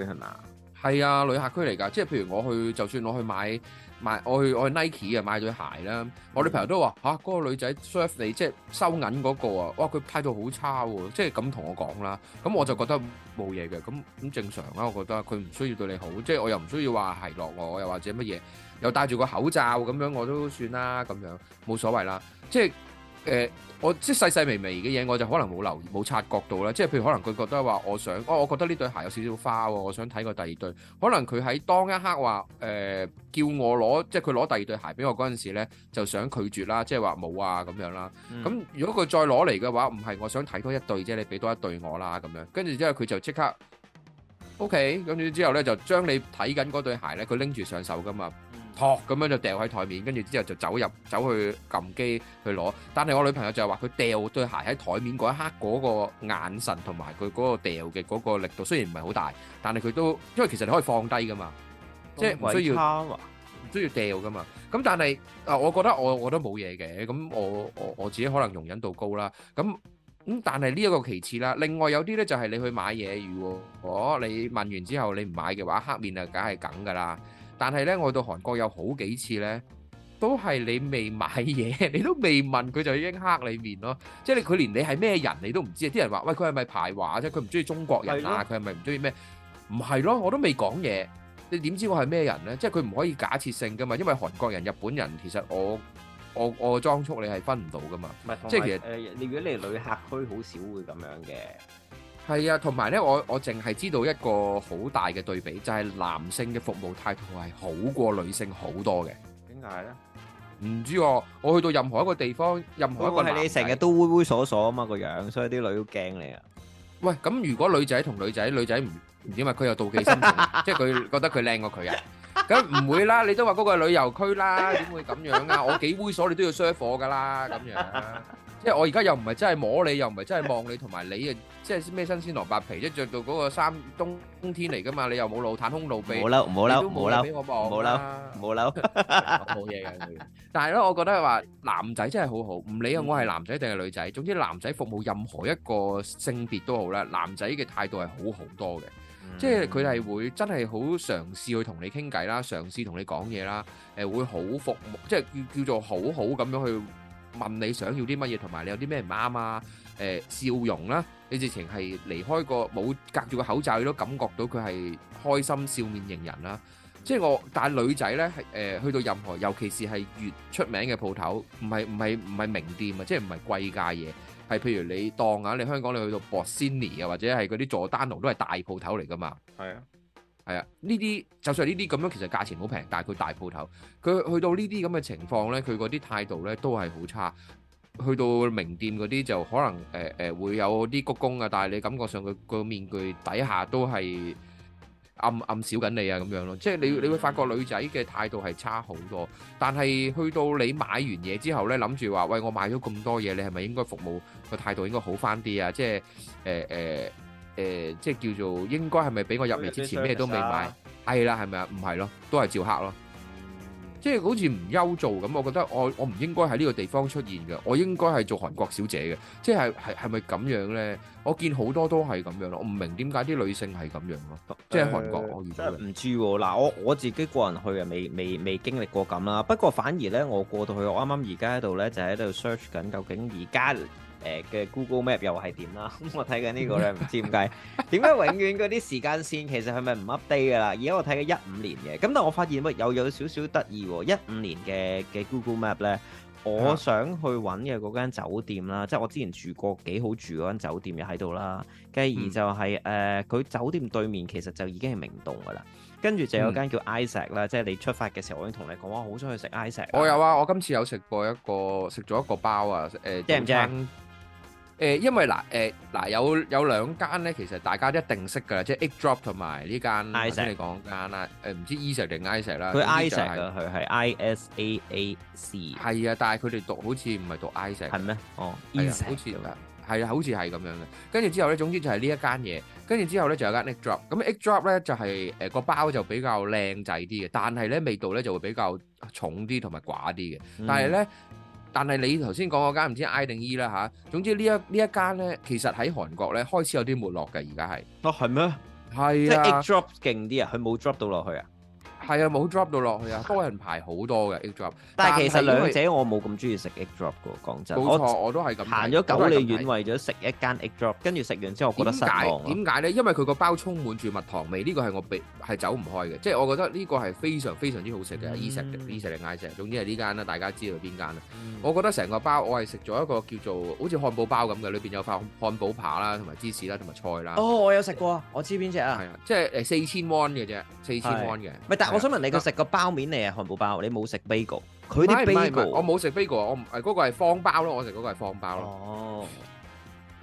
區係嘛？係啊，旅客區嚟㗎，即係譬如我去，就算我去買買，我去我去 Nike 啊，買對鞋啦，我女朋友都話嚇，嗰、啊那個女仔 serve 你，即係收銀嗰、那個啊，哇，佢態度好差喎、啊，即係咁同我講啦，咁我就覺得冇嘢嘅，咁咁正常啦、啊，我覺得佢唔需要對你好，即係我又唔需要話係落我，又或者乜嘢，又戴住個口罩咁樣我都算啦，咁樣冇所謂啦，即係。誒、呃，我即細細微微嘅嘢，我就可能冇留意、冇察覺到啦。即係譬如可能佢覺得話，我想，哦，我覺得呢對鞋有少少花喎、哦，我想睇個第二對。可能佢喺當一刻話，誒、呃，叫我攞，即係佢攞第二對鞋俾我嗰陣時咧，就想拒絕啦，即係話冇啊咁樣啦。咁、嗯、如果佢再攞嚟嘅話，唔係我想睇多一對啫，你俾多一對我啦咁樣。跟住、OK，之後佢就即刻，OK，跟住之後咧就將你睇緊嗰對鞋咧，佢拎住上手噶嘛。托咁樣就掉喺台面，跟住之後就走入走去撳機去攞。但係我女朋友就係話佢掉對鞋喺台面嗰一刻嗰個眼神同埋佢嗰個掉嘅嗰個力度，雖然唔係好大，但係佢都因為其實你可以放低噶嘛，即係唔需要唔需要掉噶嘛。咁但係啊，我覺得我我都冇嘢嘅。咁我我我自己可能容忍度高啦。咁咁但係呢一個其次啦。另外有啲咧，就係你去買嘢，如果哦你問完之後你唔買嘅話，黑面啊，梗係梗噶啦。但係咧，我到韓國有好幾次咧，都係你未買嘢，你都未問佢就已經黑你面咯。即係你佢連你係咩人，你都唔知啊！啲人話：喂，佢係咪排華啫？佢唔中意中國人啊？佢係咪唔中意咩？唔係咯，我都未講嘢，你點知我係咩人咧？即係佢唔可以假設性㗎嘛。因為韓國人、日本人其實我我我、我嘅裝束你係分唔到㗎嘛。即係而且其實誒，你、呃、如果你係旅客區，好少會咁樣嘅。係啊，同埋咧，我我淨係知道一個好大嘅對比，就係男性嘅服務態度係好過女性好多嘅。點解咧？唔知，我我去到任何一個地方，任何一個男，係你成日都猥猥瑣瑣啊嘛個樣，所以啲女都驚你啊！喂，咁如果女仔同女仔，女仔唔唔點啊？佢又妒忌心，即係佢覺得佢靚過佢啊！咁唔會啦，你都話嗰個旅遊區啦，點會咁樣啊？我幾猥瑣，你都要 serve 我噶啦，咁樣。即係我而家又唔係真係摸你，又唔係真係望你，同埋你啊！即係咩新鮮蘿蔔皮，一着到嗰個衫冬冬天嚟噶嘛？你又冇露，袒胸露背，冇嬲冇嬲冇嬲冇嬲冇嬲，冇嘢。但係咧，我覺得係話男仔真係好好，唔理我係男仔定係女仔，嗯、總之男仔服務任何一個性別都好啦。男仔嘅態度係好好多嘅，嗯、即係佢係會真係好嘗試去同你傾偈啦，嘗試同你講嘢啦，誒會好服務，即係叫叫做好好咁樣去。問你想要啲乜嘢，同埋你有啲咩唔啱啊？誒、呃、笑容啦、啊，你直情係離開個冇隔住個口罩，你都感覺到佢係開心笑面迎人啦、啊。即係我，帶女仔咧係誒去到任何，尤其是係越出名嘅鋪頭，唔係唔係唔係名店啊，即係唔係貴價嘢，係譬如你當啊，你香港你去到 Bossini 啊，或者係嗰啲佐丹奴都係大鋪頭嚟㗎嘛。係啊。係啊，呢啲就算呢啲咁樣，其實價錢好平，但係佢大鋪頭，佢去到呢啲咁嘅情況咧，佢嗰啲態度咧都係好差。去到名店嗰啲就可能誒誒、呃呃、會有啲鞠躬啊，但係你感覺上佢個面具底下都係暗暗笑緊你啊咁樣咯。即係你你會發覺女仔嘅態度係差好多。但係去到你買完嘢之後咧，諗住話喂，我買咗咁多嘢，你係咪應該服務個態度應該好返啲啊？即係誒誒。呃呃誒，即係叫做應該係咪俾我入嚟之前咩都未買？係啦，係咪啊？唔係咯，都係照黑咯。即係好似唔憂做咁，我覺得我我唔應該喺呢個地方出現嘅。我應該係做韓國小姐嘅。即係係係咪咁樣咧？我見好多都係咁樣咯。我唔明點解啲女性係咁樣咯。即係韓國，我唔知嗱。我我自己個人去啊，未未未經歷過咁啦。不過反而咧，我過到去，我啱啱而家喺度咧就喺度 search 緊，究竟而家。誒嘅 Google Map 又係點啦？ <laughs> 我睇緊呢個咧，唔知點解點解永遠嗰啲時間線其實係咪唔 update 噶啦？而家我睇緊一五年嘅，咁但我發現喂，又有少少得意喎！一五年嘅嘅 Google Map 咧，我想去揾嘅嗰間酒店啦，即係我之前住過幾好住嗰間酒店又喺度啦。繼而就係、是、誒，佢、嗯呃、酒店對面其實就已經係明洞噶啦。跟住就有一間叫 Isaac 啦、嗯，即係你出發嘅時候，我已經同你講話，我好想去食 Isaac。我有啊，我今次有食過一個，食咗一個包啊，誒正唔正？ <laughs> 誒，因為嗱，誒嗱，有有兩間咧，其實大家一定識㗎啦，即係 Egg Drop 同埋呢間，Isaac 你講嗰間啦，誒唔知 Eset 定 Isaac 啦，佢 Isaac 啊，佢係 I S A A C。係啊，但係佢哋讀好似唔係讀 Isaac。係咩？哦，Eset 好似㗎，係啊，好似係咁樣嘅。跟住之後咧，總之就係呢一間嘢。跟住之後咧，就有間 Egg Drop。咁 Egg Drop 咧就係誒個包就比較靚仔啲嘅，但係咧味道咧就會比較重啲同埋寡啲嘅。但係咧。但係你頭先講嗰間唔知道 I 定 E 啦、啊、嚇，總之這一這一家呢一呢一間咧，其實喺韓國咧開始有啲沒落嘅，而家係哦，係咩？係是啊即，即係 drop 勁啲啊，佢冇 drop 到落去啊。係啊，冇 drop 到落去啊，多人排好多嘅 egg drop。但係其實兩者我冇咁中意食 egg drop 嘅，講真。冇錯，我都係咁行咗九里遠為咗食一間 egg drop，跟住食完之後我覺得失望。點解咧？因為佢個包充滿住蜜糖味，呢個係我係走唔開嘅。即係我覺得呢個係非常非常之好食嘅。Ester，Ester 定 Ister？總之係呢間啦，大家知道邊間啦。我覺得成個包我係食咗一個叫做好似漢堡包咁嘅，裏邊有塊漢堡扒啦，同埋芝士啦，同埋菜啦。哦，我有食過啊，我知邊隻啊？係啊，即係誒四千 one 嘅啫，四千 one 嘅。咪但係我。我想問你，佢食個包面嚟啊，漢堡包，你冇食 bagel？佢啲 bagel，我冇食 bagel，我唔嗰個係方包咯，我食嗰個係方包咯。哦，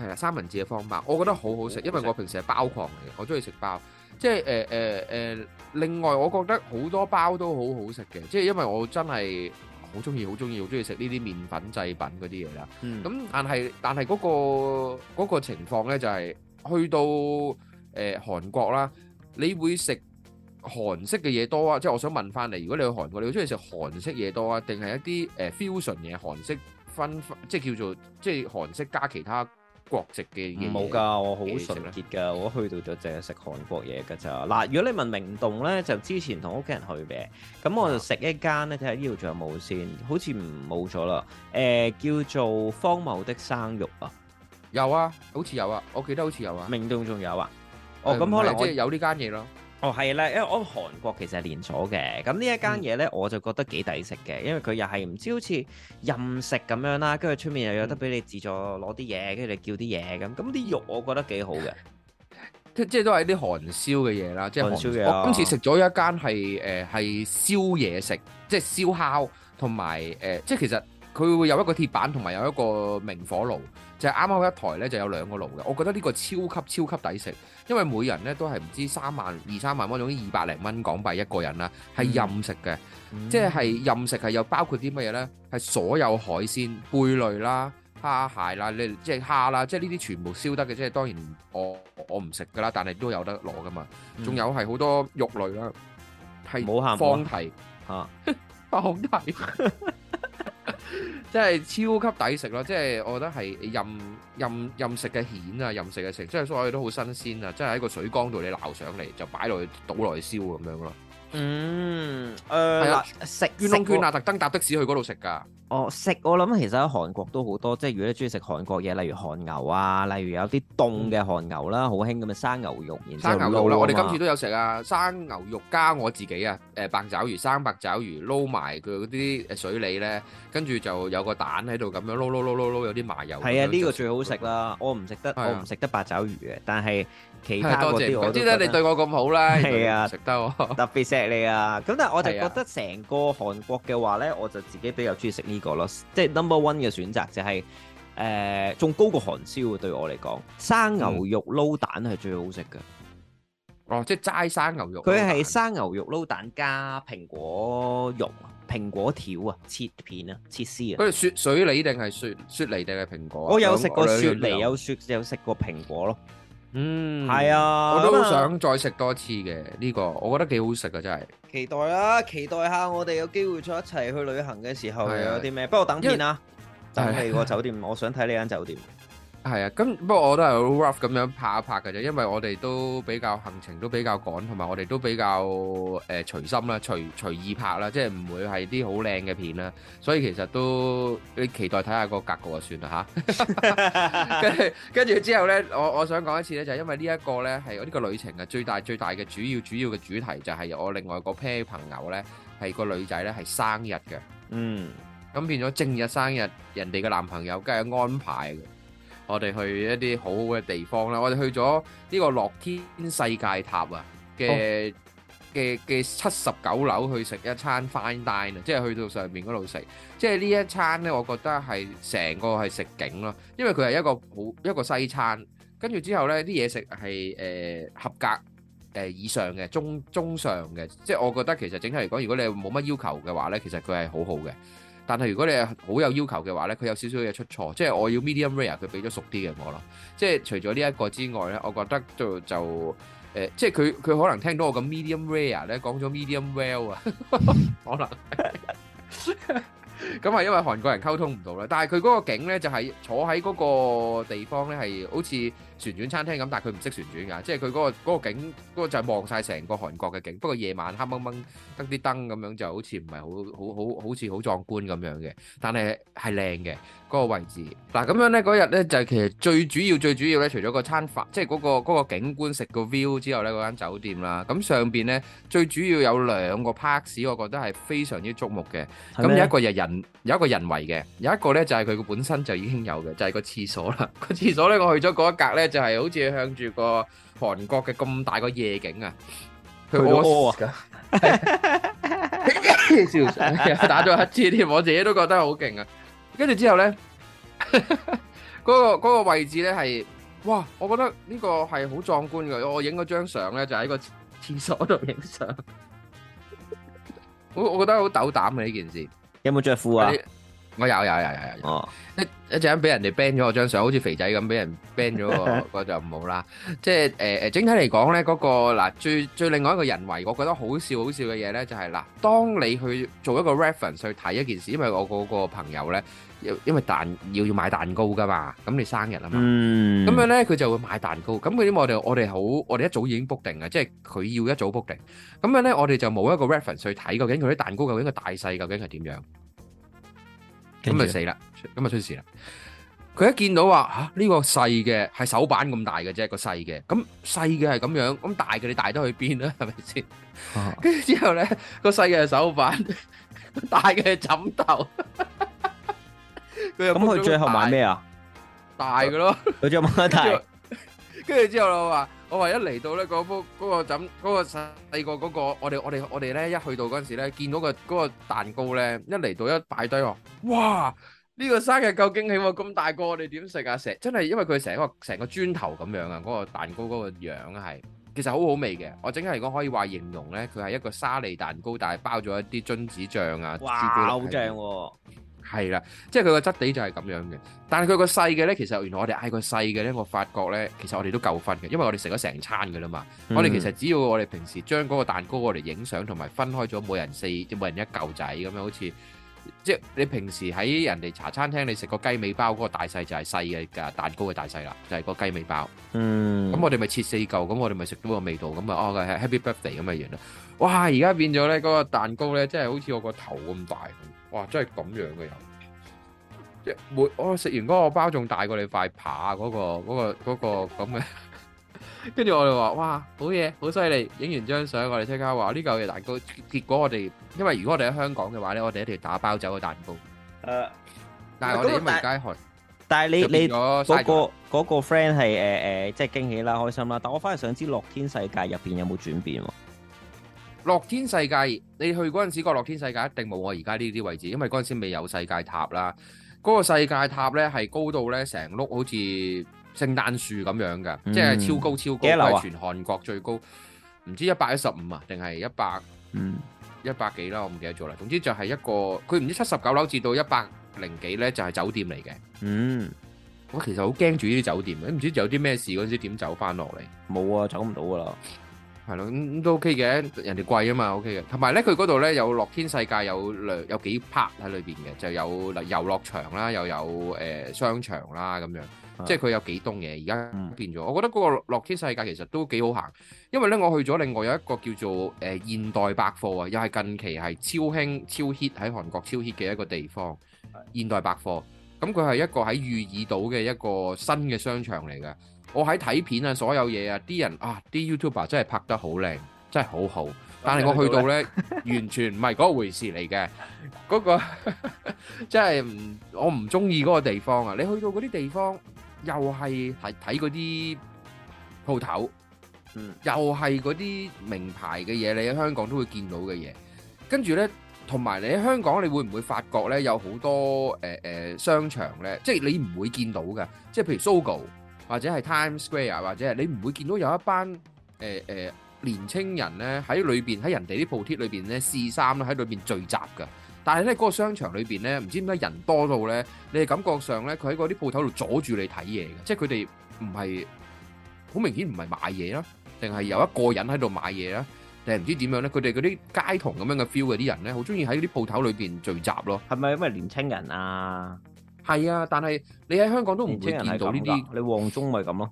係啊，三文治嘅方包，我覺得好好食，好因為我平時係包狂嚟嘅，我中意食包。即係誒誒誒，另外我覺得好多包都好好食嘅，即係因為我真係好中意，好中意，好中意食呢啲麵粉製品嗰啲嘢啦。咁、嗯、但係但係嗰、嗰個、嗰個情況咧、就係，就係去到誒韓、呃、國啦，你會食？韓式嘅嘢多啊，即係我想問翻你，如果你去韓國，你好中意食韓式嘢多啊，定係一啲誒 fusion 嘢，韓式分即係叫做即係韓式加其他國籍嘅嘢？冇噶，我好純潔噶，我去到就淨係食韓國嘢㗎咋嗱。如果你問明洞咧，就之前同屋企人去嘅，咁我就食一間咧，睇下呢度仲有冇先，好似冇咗啦。誒，叫做方某的生肉啊，有啊，好似有啊，我記得好似有啊。明洞仲有啊？哦，咁可能即係有呢間嘢咯。哦，係咧，因為我韓國其實係連鎖嘅，咁呢一間嘢咧我就覺得幾抵食嘅，因為佢又係唔知好似任食咁樣啦，跟住出面又有得俾你自助攞啲嘢，跟住你叫啲嘢咁，咁啲肉我覺得幾好嘅，即即都係啲韓燒嘅嘢啦，即係韓燒嘢。啊、我今次食咗一間係誒係燒嘢食，即係燒烤同埋誒，即係其實佢會有一個鐵板同埋有一個明火爐。就啱啱一枱咧就有兩個爐嘅，我覺得呢個超級超級抵食，因為每人咧都係唔知三萬二三萬蚊，總之二百零蚊港幣一個人啦，係任食嘅，即係任食係有包括啲乜嘢咧？係所有海鮮、貝類啦、蝦蟹啦、你即係蝦啦，即係呢啲全部燒得嘅，即係當然我我唔食噶啦，但係都有得攞噶嘛，仲有係好多肉類啦，係冇鹹，冇鹹，冇鹹，冇鹹。 <laughs> 真係超級抵食咯！即係我覺得係任任任食嘅蜆啊，任食嘅食，即係所有都好新鮮啊！即係喺個水缸度你撈上嚟就擺落去倒落去燒咁樣咯。嗯，誒、呃，啦食娟娟吃啊，特登搭的士去嗰度食㗎。我食我諗其實喺韓國都好多，即係如果你中意食韓國嘢，例如韓牛啊，例如有啲凍嘅韓牛啦，好興咁啊生牛肉，然之後撈啦，我哋今次都有食啊生牛肉加我自己啊，誒八爪魚生八爪魚撈埋佢嗰啲誒水裏咧，跟住就有個蛋喺度咁樣撈撈撈撈撈有啲麻油係啊，呢個最好食啦！我唔食得我唔食得八爪魚嘅，但係其他嗰啲我唔食得，多謝嗰啲咧，你對我咁好啦，係啊，食得我特別錫你啊！咁但係我就覺得成個韓國嘅話咧，我就自己比較中意食呢。呢個咯，即係 number one 嘅選擇就係、是、誒，仲高過韓燒對我嚟講，生牛肉撈蛋係最好食㗎、嗯。哦，即係齋生牛肉，佢係生牛肉撈蛋加蘋果肉、蘋果條啊，切片啊，切絲啊。佢係雪水梨定係雪雪梨定係蘋果？我有食過雪梨，有雪有食過蘋果咯。嗯，係啊，我都好想再食多次嘅，呢、這個，我覺得幾好食啊。真係。期待啦，期待下我哋有機會再一齊去旅行嘅時候有，有啲咩？不過等片啊，為等第二個酒店，啊、我想睇呢間酒店。係啊，咁不過我都係 rough 咁樣拍一拍嘅啫，因為我哋都比較行程都比較趕，同埋我哋都比較誒隨心啦，隨隨意拍啦，即係唔會係啲好靚嘅片啦，所以其實都你期待睇下個格局就算啦吓。跟住跟住之後咧，我我想講一次咧，就係因為呢一個咧係呢個旅程嘅最大最大嘅主要主要嘅主題就係我另外個 pair 朋友咧係個女仔咧係生日嘅，嗯，咁變咗正日生日，人哋嘅男朋友梗係安排嘅。我哋去一啲好好嘅地方啦，我哋去咗呢個樂天世界塔啊嘅嘅嘅七十九樓去食一餐 fine dine 啊，ine，即係去到上面嗰度食，即係呢一餐咧，我覺得係成個係食景咯，因為佢係一個好一個西餐，跟住之後咧啲嘢食係誒、呃、合格誒以上嘅中中上嘅，即係我覺得其實整體嚟講，如果你冇乜要求嘅話咧，其實佢係好好嘅。但係如果你係好有要求嘅話咧，佢有少少嘢出錯，即係我要 medium rare，佢俾咗熟啲嘅我咯。即係除咗呢一個之外咧，我覺得就就誒、呃，即係佢佢可能聽到我咁 medium rare 咧，講咗 medium well 啊，可能是。咁啊，因為韓國人溝通唔到啦。但係佢嗰個景咧，就係坐喺嗰個地方咧，係好似。旋轉餐廳咁，但係佢唔識旋轉㗎，即係佢嗰個嗰個景嗰個就係望曬成個韓國嘅景。不過夜晚黑掹掹，得啲燈咁樣就好似唔係好好好好似好壯觀咁樣嘅。但係係靚嘅嗰個位置。嗱，咁樣咧，嗰日咧，就係其實最主要最主要咧，除咗個餐飯即係嗰個嗰個景觀食個 view 之後咧，嗰間酒店啦，咁上邊咧最主要有兩個 parking，我覺得係非常之矚目嘅。咁一個係人有一個人為嘅，有一個咧就係佢個本身就已經有嘅，就係個廁所啦。個廁所咧我去咗嗰一格咧。就係好似向住個韓國嘅咁大個夜景啊，佢好高啊！搞笑，打咗一支添，我自己都覺得好勁啊！跟住之後咧，嗰個嗰個位置咧係哇，我覺得呢個係好壯觀嘅。我影嗰張相咧就喺個廁所度影相，我我覺得好斗膽嘅呢件事。有冇着褲啊？我有有有有有、oh. 一一陣間俾人哋 ban 咗我張相，好似肥仔咁俾人 ban 咗我，我就冇啦。即係誒誒，整體嚟講咧，嗰、那個嗱最最另外一個人為我覺得好笑好笑嘅嘢咧，就係、是、嗱，當你去做一個 reference 去睇一件事，因為我嗰個朋友咧，因因為蛋要要買蛋糕噶嘛，咁你生日啊嘛，咁、mm. 樣咧佢就會買蛋糕。咁佢因為我哋我哋好我哋一早已經 book 定嘅，即係佢要一早 book 定。咁樣咧，我哋就冇一個 reference 去睇究竟佢啲蛋糕究竟個大細究竟係點樣。咁咪死啦，咁咪出事啦。佢一見到話吓，呢個細嘅係手板咁大嘅啫，個細嘅咁細嘅係咁樣，咁大嘅你大得去邊啊？係咪先？跟住之後咧，個細嘅係手板，大嘅係枕頭。佢又咁佢最後買咩啊？大嘅咯。佢最後買大。跟住之後啦，我話我話一嚟到咧，嗰幅嗰個枕嗰個細細個嗰個，我哋我哋我哋咧一去到嗰陣時咧，見到個嗰個蛋糕咧，一嚟到一擺堆喎，哇！呢個生日夠驚喜喎，咁大個我哋點食啊？成真係因為佢成個成個磚頭咁樣啊，嗰個蛋糕嗰個樣係，其實好好味嘅。我整係講可以話形容咧，佢係一個沙梨蛋糕，但係包咗一啲榛子醬啊，哇，好正係啦，即係佢個質地就係咁樣嘅。但係佢個細嘅咧，其實原來我哋嗌個細嘅咧，我發覺咧，其實我哋都夠分嘅，因為我哋食咗成餐噶啦嘛。嗯、我哋其實只要我哋平時將嗰個蛋糕我哋影相，同埋分開咗每人四，就每人一嚿仔咁樣，好似即係你平時喺人哋茶餐廳你食個雞尾包嗰、嗰個大細就係細嘅嘅蛋糕嘅大細啦，就係、係、個雞尾包。嗯。咁、嗯嗯、我哋咪切四嚿，咁我哋咪食到個味道，咁啊哦係 happy birthday 咁咪完啦。哇！而家變咗咧，嗰、嗰個蛋糕咧，真係好似我個頭咁大。哇！真係咁樣嘅人，即係每我食完嗰個包仲大過你塊扒嗰個嗰個嗰個咁嘅，跟住我哋話哇，好嘢，好犀利！影完張相我哋即刻話呢嚿嘢蛋糕，結果我哋因為如果我哋喺香港嘅話咧，我哋一定要打包走個蛋糕。誒，但係我哋唔係街漢，但係你你嗰個嗰個 friend 係誒誒，即係驚喜啦，開心啦。但我反而想知樂天世界入邊有冇轉變。樂天世界，你去嗰陣時個樂天世界一定冇我而家呢啲位置，因為嗰陣時未有世界塔啦。嗰個世界塔咧係高到咧成碌好似聖誕樹咁樣噶，即係超高超高，係全韓國最高，唔知一百一十五啊定係一百，嗯一百幾啦，我唔記得咗啦。總之就係一個，佢唔知七十九樓至到一百零幾咧就係酒店嚟嘅。嗯，我其實好驚住呢啲酒店，你唔知有啲咩事嗰陣時點走翻落嚟？冇啊，走唔到噶啦。係咯，咁都 OK 嘅，人哋貴啊嘛，OK 嘅。同埋咧，佢嗰度咧有樂天世界，有兩有幾 part 喺裏邊嘅，就有遊樂場啦，又有誒商場啦咁樣。即係佢有幾棟嘢，而家變咗。我覺得嗰個樂天世界其實都幾好行，因為咧我去咗另外有一個叫做誒現代百貨啊，又係近期係超興超 hit 喺韓國超 hit 嘅一個地方。現代百貨。咁佢係一個喺汝矣島嘅一個新嘅商場嚟嘅。我喺睇片啊，所有嘢啊，啲人啊，啲 YouTuber 真係拍得好靚，真係好好。但係我去到咧，完全唔係嗰回事嚟嘅。嗰個真係唔，我唔中意嗰個地方啊！你去到嗰啲地方，又係係睇嗰啲鋪頭，嗯，又係嗰啲名牌嘅嘢，你喺香港都會見到嘅嘢。跟住咧，同埋你喺香港，你會唔會發覺咧有好多誒誒商場咧？即係你唔會見到嘅，即係譬如 Sogo。或者係 Times Square，或者係你唔會見到有一班誒誒年青人咧喺裏邊，喺人哋啲鋪貼裏邊咧試衫啦，喺裏邊聚集㗎。但係咧，嗰個商場裏邊咧，唔知點解人多到咧，你感覺上咧，佢喺嗰啲鋪頭度阻住你睇嘢嘅，即係佢哋唔係好明顯唔係買嘢啦，定係有一個人喺度買嘢啦，定係唔知點樣咧？佢哋嗰啲街童咁樣嘅 feel 嘅啲人咧，好中意喺啲鋪頭裏邊聚集咯。係咪因為年青人啊？係啊，但係你喺香港都唔會見到呢啲。你旺中咪咁咯？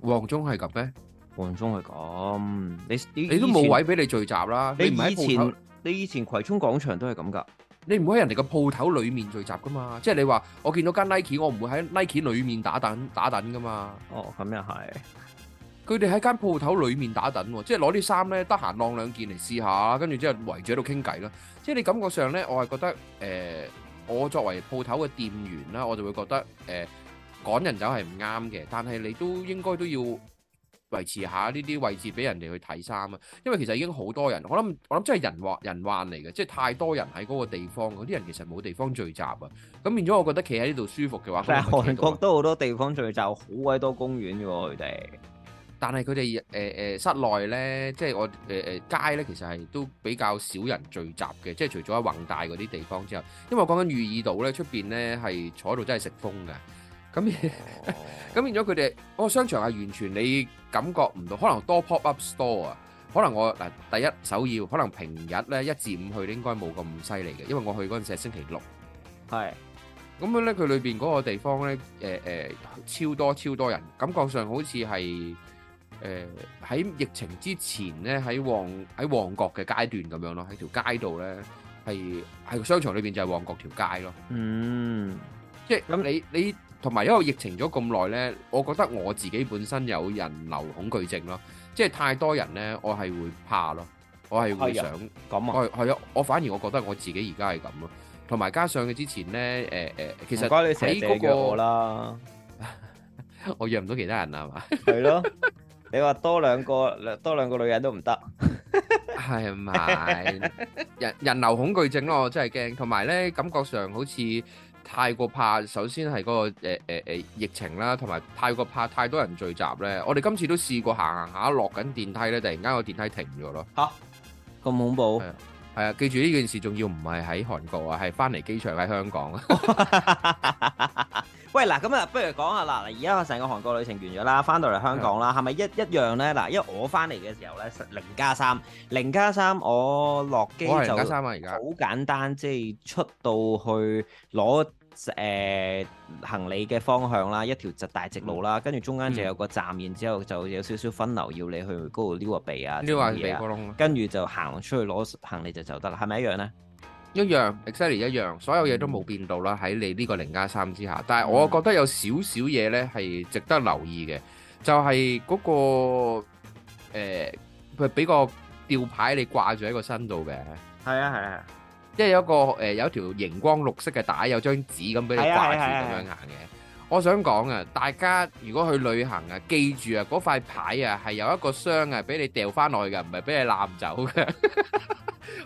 旺中係咁咩？旺中係咁。你你都冇位俾你聚集啦。你唔係以前你以前葵涌廣場都係咁噶。你唔會喺人哋個鋪頭裡面聚集噶嘛？即係你話我見到間 Nike，我唔會喺 Nike 裡面打等打等噶嘛？哦，咁又係。佢哋喺間鋪頭裡面打等，即係攞啲衫咧，得閒晾兩件嚟試下，跟住之後圍住喺度傾偈咯。即係你感覺上咧，我係覺得誒。呃我作為鋪頭嘅店員啦，我就會覺得誒、呃、趕人走係唔啱嘅，但係你都應該都要維持下呢啲位置俾人哋去睇衫啊，因為其實已經好多人，我諗我諗真係人患人患嚟嘅，即係太多人喺嗰個地方，嗰啲人其實冇地方聚集啊，咁變咗我覺得企喺呢度舒服嘅話，但係韓國都好多地方聚集，好鬼多公園嘅喎佢哋。但係佢哋誒誒室內咧，即係我誒誒街咧，其實係都比較少人聚集嘅，即係除咗喺宏大嗰啲地方之後。因為我講緊汝矣島咧，出邊咧係坐喺度真係食風嘅。咁咁變咗佢哋嗰個商場係完全你感覺唔到，可能多 pop up store 啊。可能我嗱第一首要，可能平日咧一至五去應該冇咁犀利嘅，因為我去嗰陣時係星期六。係。咁樣咧，佢裏邊嗰個地方咧，誒誒超多超多人，感覺上好似係。誒喺疫情之前咧，喺旺喺旺角嘅階段咁樣咯，喺條街度咧，係喺個商場裏邊就係旺角條街咯。嗯，即係咁你你同埋因為疫情咗咁耐咧，我覺得我自己本身有人流恐懼症咯，即係太多人咧，我係會怕咯，我係會想咁啊，係啊，我反而我覺得我自己而家係咁咯，同埋加上佢之前咧，誒其實唔該你寫嗰個啦，我約唔到其他人啊係嘛？係咯。你話多兩個多兩個女人都唔得，係 <laughs> 咪、 <laughs> 哎，人人流恐懼症咯，我真係驚。同埋咧，感覺上好似太過怕。首先係嗰個誒誒誒疫情啦，同埋太過怕太多人聚集咧。我哋今次都試過行行下落緊電梯咧，突然間個電梯停咗咯。吓、啊，咁恐怖！ <laughs> 係啊，記住呢件事，仲要唔係喺韓國啊，係翻嚟機場喺香港。喂嗱，咁啊，不如講下啦。嗱，而家我成個韓國旅程完咗啦，翻到嚟香港啦，係咪一一樣咧？嗱，因為我翻嚟嘅時候咧，零加三，零加三，我落機就零加三啊，而家好簡單，即係出到去攞。誒、呃，行李嘅方向啦，一條直大直路啦，跟住中間就有個站，嗯、然之後就有少少分流要你去嗰度撩下鼻啊，撩鼻窿跟住就行出去攞行李就就得啦，係咪一樣呢？一樣 exactly 一樣，所有嘢都冇變到啦，喺、嗯、你呢個零加三之下，但係我覺得有少少嘢呢係值得留意嘅，就係、是、嗰、那個佢畀個吊牌你掛住喺個身度嘅，係啊係啊。即係有一個誒，有一條熒光綠色嘅帶，有張紙咁俾你掛住咁樣行嘅。我想講啊，大家如果去旅行啊，記住啊，嗰塊牌啊係有一個箱啊，俾你掉翻落去㗎，唔係俾你攬走㗎。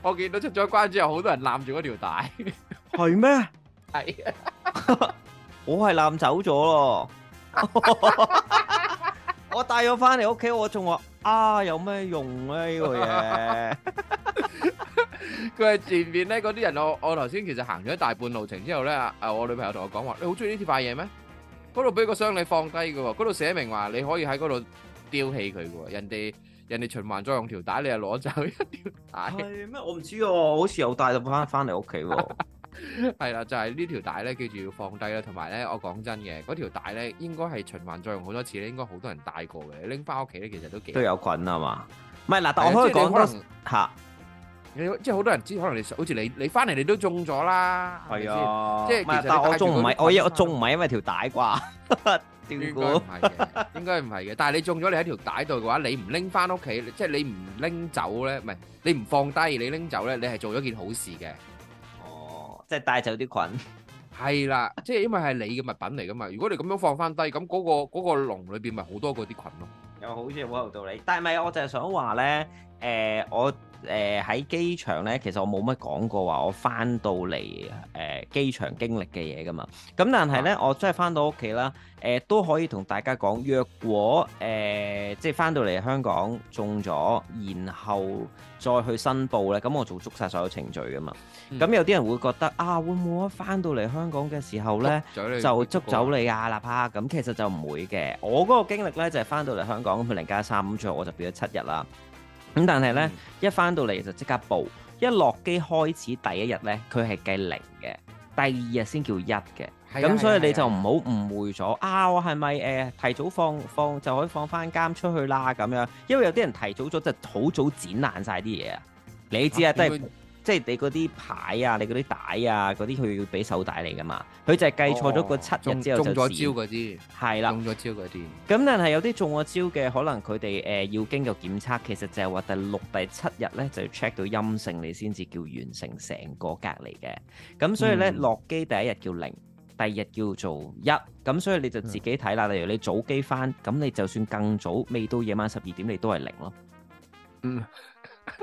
我見到出咗關之後，好多人攬住嗰條帶，係咩？係啊，我係攬走咗咯。我帶咗翻嚟屋企，我仲話啊，有咩用咧？呢個嘢佢係前面咧，嗰啲人我我頭先其實行咗一大半路程之後咧，啊我女朋友同我講話，你好中意呢條塊嘢咩？嗰度俾個箱你放低嘅，嗰度寫明話你可以喺嗰度丟棄佢嘅，人哋人哋循環再用條帶，你又攞走一條帶。係咩？我唔知哦，好似又帶咗翻翻嚟屋企喎。 <laughs> 係啦， <laughs> 就係、係、呢條帶咧，記住要放低啦。同埋咧，我講真嘅，嗰條帶咧，應該係循環再用好多次咧，應該好多人戴過嘅。拎翻屋企咧，其實都幾都有菌啊嘛。唔係嗱，但我可以講可能吓，即係好多人知，可能你好似你你翻嚟，你都中咗啦。係啊，即係其實我中唔係我我中唔係因為條帶啩，應該唔係，應該唔係嘅。但係你中咗你喺條帶度嘅話，你唔拎翻屋企，即係你唔拎走咧，唔係你唔放低，你拎走咧，你係做咗件好事嘅。即係帶走啲菌，係啦， <laughs> 即係因為係你嘅物品嚟㗎嘛。如果你咁樣放翻低，咁嗰個嗰個籠裏邊咪好多嗰啲菌咯。又好似好有道理，但係咪我就係想話咧，誒、呃、我。誒喺機場咧，其實我冇乜講過話我翻到嚟誒機場經歷嘅嘢噶嘛。咁但係咧，我真係翻到屋企啦，誒都可以同大家講，若果誒即係翻到嚟香港中咗，然後再去申報咧，咁我做足晒所有程序噶嘛。咁有啲人會覺得啊，會唔會，翻到嚟香港嘅時候咧，就捉走你啊，嗱啪！咁其實就唔會嘅。我嗰個經歷咧就係翻到嚟香港咁佢零加三咁，最後我就變咗七日啦。咁但係咧，嗯、一翻到嚟就即刻報，一落機開始第一日咧，佢係計零嘅，第二日先叫一嘅。咁是、啊、所以你就唔好誤會咗啊，啊，啊！我係咪誒提早放放就可以放翻監出去啦？咁樣，因為有啲人提早咗就好早展爛晒啲嘢，你知啊，都係、啊。就係即係你嗰啲牌啊，你嗰啲帶啊，嗰啲佢要俾手帶嚟噶嘛？佢就係計錯咗個七日之後就中咗招嗰啲，係啦，中咗招嗰啲。咁但係有啲中咗招嘅，可能佢哋誒要經過檢測，其實就係話第六、第七日咧就要 check 到陰性，你先至叫完成成個隔離嘅。咁所以咧，落機第一日叫零，第二日叫做一。咁所以你就自己睇啦。嗯、例如你早機翻，咁你就算更早未到夜晚十二點，你都係零咯。嗯。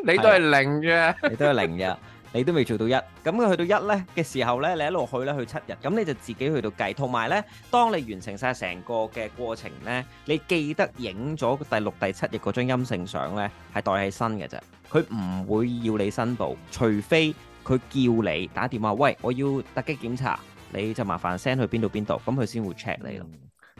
你都係零嘅，你都係零嘅，你都未做到一。咁佢去到一呢嘅時候呢，你一路去呢去七日，咁你就自己去到計。同埋呢，當你完成晒成個嘅過程呢，你記得影咗第六、第七日嗰張陰性相呢，係代喺身嘅啫。佢唔會要你申報，除非佢叫你打電話，喂，我要突擊檢查，你就麻煩 send 去邊度邊度，咁佢先會 check 你咯。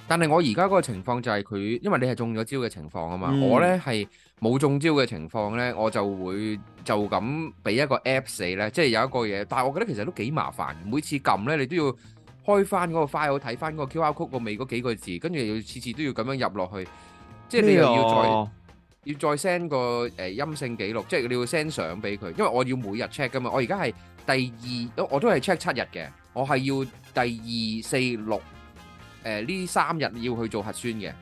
但係我而家嗰個情況就係佢，因為你係中咗招嘅情況啊嘛，我呢係。冇中招嘅情況咧，我就會就咁俾一個 app 死咧，即係有一個嘢。但係我覺得其實都幾麻煩，每次撳咧你都要開翻嗰個 file 睇翻個 QR code 個尾嗰幾個字，跟住又要次次都要咁樣入落去，即係你又要再要再 send 個誒陰性記錄，即係你要 send 相俾佢，因為我要每日 check 噶嘛。我而家係第二，我都係 check 七日嘅，我係要第二、四、六誒呢三日要去做核酸嘅。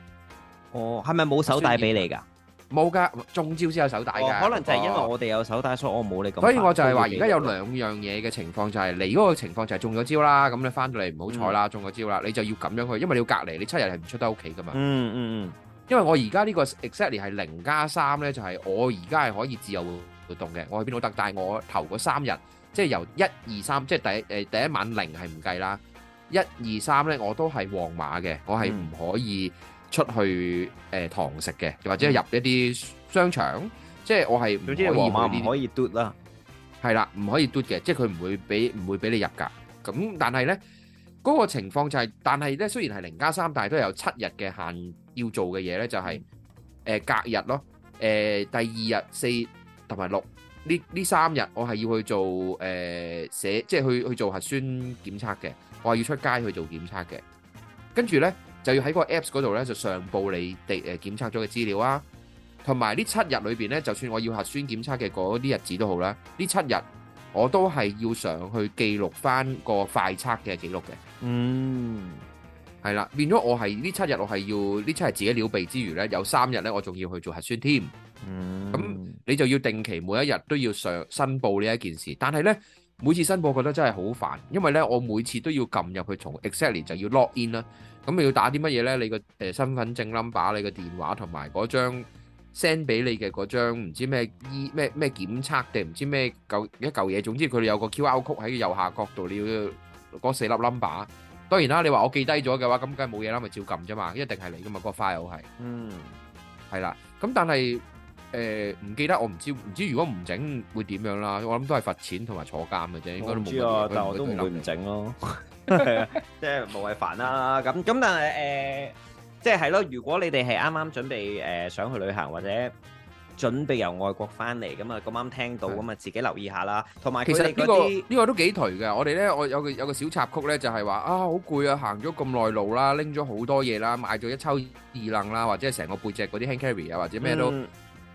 哦，係咪冇手帶俾你㗎？冇噶，中招先有手帶噶。可能就係因為我哋有手帶，所以我冇你咁快。所以我就係話，而家有兩樣嘢嘅情況就係你嗰個情況就係中咗招啦。咁你翻到嚟唔好彩啦，中咗招啦，你就要咁樣去，因為你要隔離，你七日係唔出得屋企噶嘛。嗯嗯嗯。因為我而家呢個 exactly 係零加三咧，就係我而家係可以自由活動嘅，我去邊度得？但係我頭嗰三日即係由一二三，即係第誒第一晚零係唔計啦，一二三咧我都係黃碼嘅，我係唔可以。出去誒堂食嘅，或者入一啲商場，即係我係唔可以去邊？可以嘟啦，係啦，唔可以嘟嘅，即係佢唔會俾唔會俾你入㗎。咁但係咧，嗰個情況就係，但係咧，雖然係零加三，但係都係有七日嘅限要做嘅嘢咧，就係誒隔日咯，誒第二日四同埋六呢呢三日，我係要去做誒寫，即係去去做核酸檢測嘅，我係要出街去做檢測嘅，跟住咧。又要喺個 apps 嗰度咧，就上報你哋誒檢測咗嘅資料啊，同埋呢七日裏邊咧，就算我要核酸檢測嘅嗰啲日子都好啦，呢七日我都係要上去記錄翻個快測嘅記錄嘅。嗯，係啦，變咗我係呢七日，我係要呢七日自己了備之餘咧，有三日咧，我仲要去做核酸添。嗯，咁你就要定期每一日都要上申報呢一件事，但係咧，每次申報，我覺得真係好煩，因為咧我每次都要撳入去從 Excel 裏就要 login 啦。咁你要打啲乜嘢咧？你個誒身份證 number，你個電話同埋嗰張 send 俾你嘅嗰張唔知咩醫咩咩檢測定唔知咩舊一舊嘢，總之佢哋有個 QR code 喺右下角度，你要嗰四粒 number。當然啦，你話我記低咗嘅話，咁梗係冇嘢啦，咪照撳啫嘛，一定係你噶嘛，個 file 係。嗯，係啦。咁但係誒唔記得，我唔知唔知如果唔整會點樣啦。我諗都係罰錢同埋坐監嘅啫。應該都冇，但係我都唔會唔整咯。即係無謂煩啦，咁咁但係誒，即係係咯。如果你哋係啱啱準備誒想去旅行或者準備由外國翻嚟咁啊，咁啱聽到咁啊，自己留意下啦。同埋其實呢個呢個都幾頹嘅。我哋咧，我有個有個小插曲咧，就係話啊，好攰啊，行咗咁耐路啦，拎咗好多嘢啦，買咗一抽二掕啦，或者係成個背脊嗰啲 hand carry 啊，或者咩都，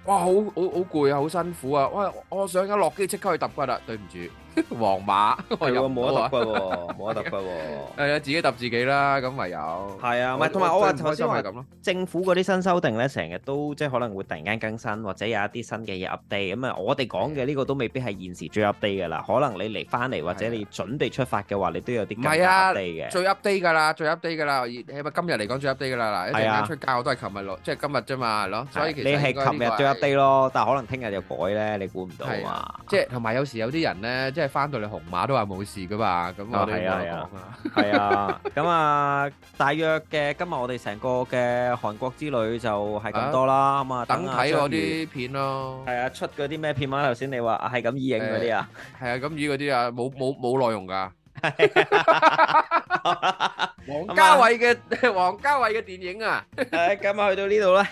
哇，好好好攰啊，好辛苦啊，喂，我想一落機即刻去揼骨啦，對唔住。皇馬係喎，冇得揼嘅喎，冇得揼嘅喎。係啊，自己揼自己啦，咁咪有。係啊，唔係同埋我話頭先係咁咯。政府嗰啲新修訂咧，成日都即係可能會突然間更新，或者有一啲新嘅嘢 update。咁啊，我哋講嘅呢個都未必係現時最 update 嘅啦。可能你嚟翻嚟，或者你準備出發嘅話，你都有啲唔係啊。最 update 嘅啦，最 update 嘅啦，起碼今日嚟講最 update 嘅啦。嗱，一陣間出街我都係琴日咯，即係今日啫嘛，咯。所以其實你係琴日最 update 咯，但係可能聽日又改咧，你估唔到啊嘛。即係同埋有時有啲人咧，即係。翻到嚟紅馬都話冇事噶嘛，咁我都唔會講啊。係啊，咁啊，大約嘅今日我哋成個嘅韓國之旅就係咁多啦。咁啊，等睇嗰啲片咯。係啊，出嗰啲咩片啊？頭先你話係咁意影嗰啲啊？係啊，咁意嗰啲啊，冇冇冇內容噶。王家衛嘅王家衛嘅電影啊，咁啊去到呢度咧。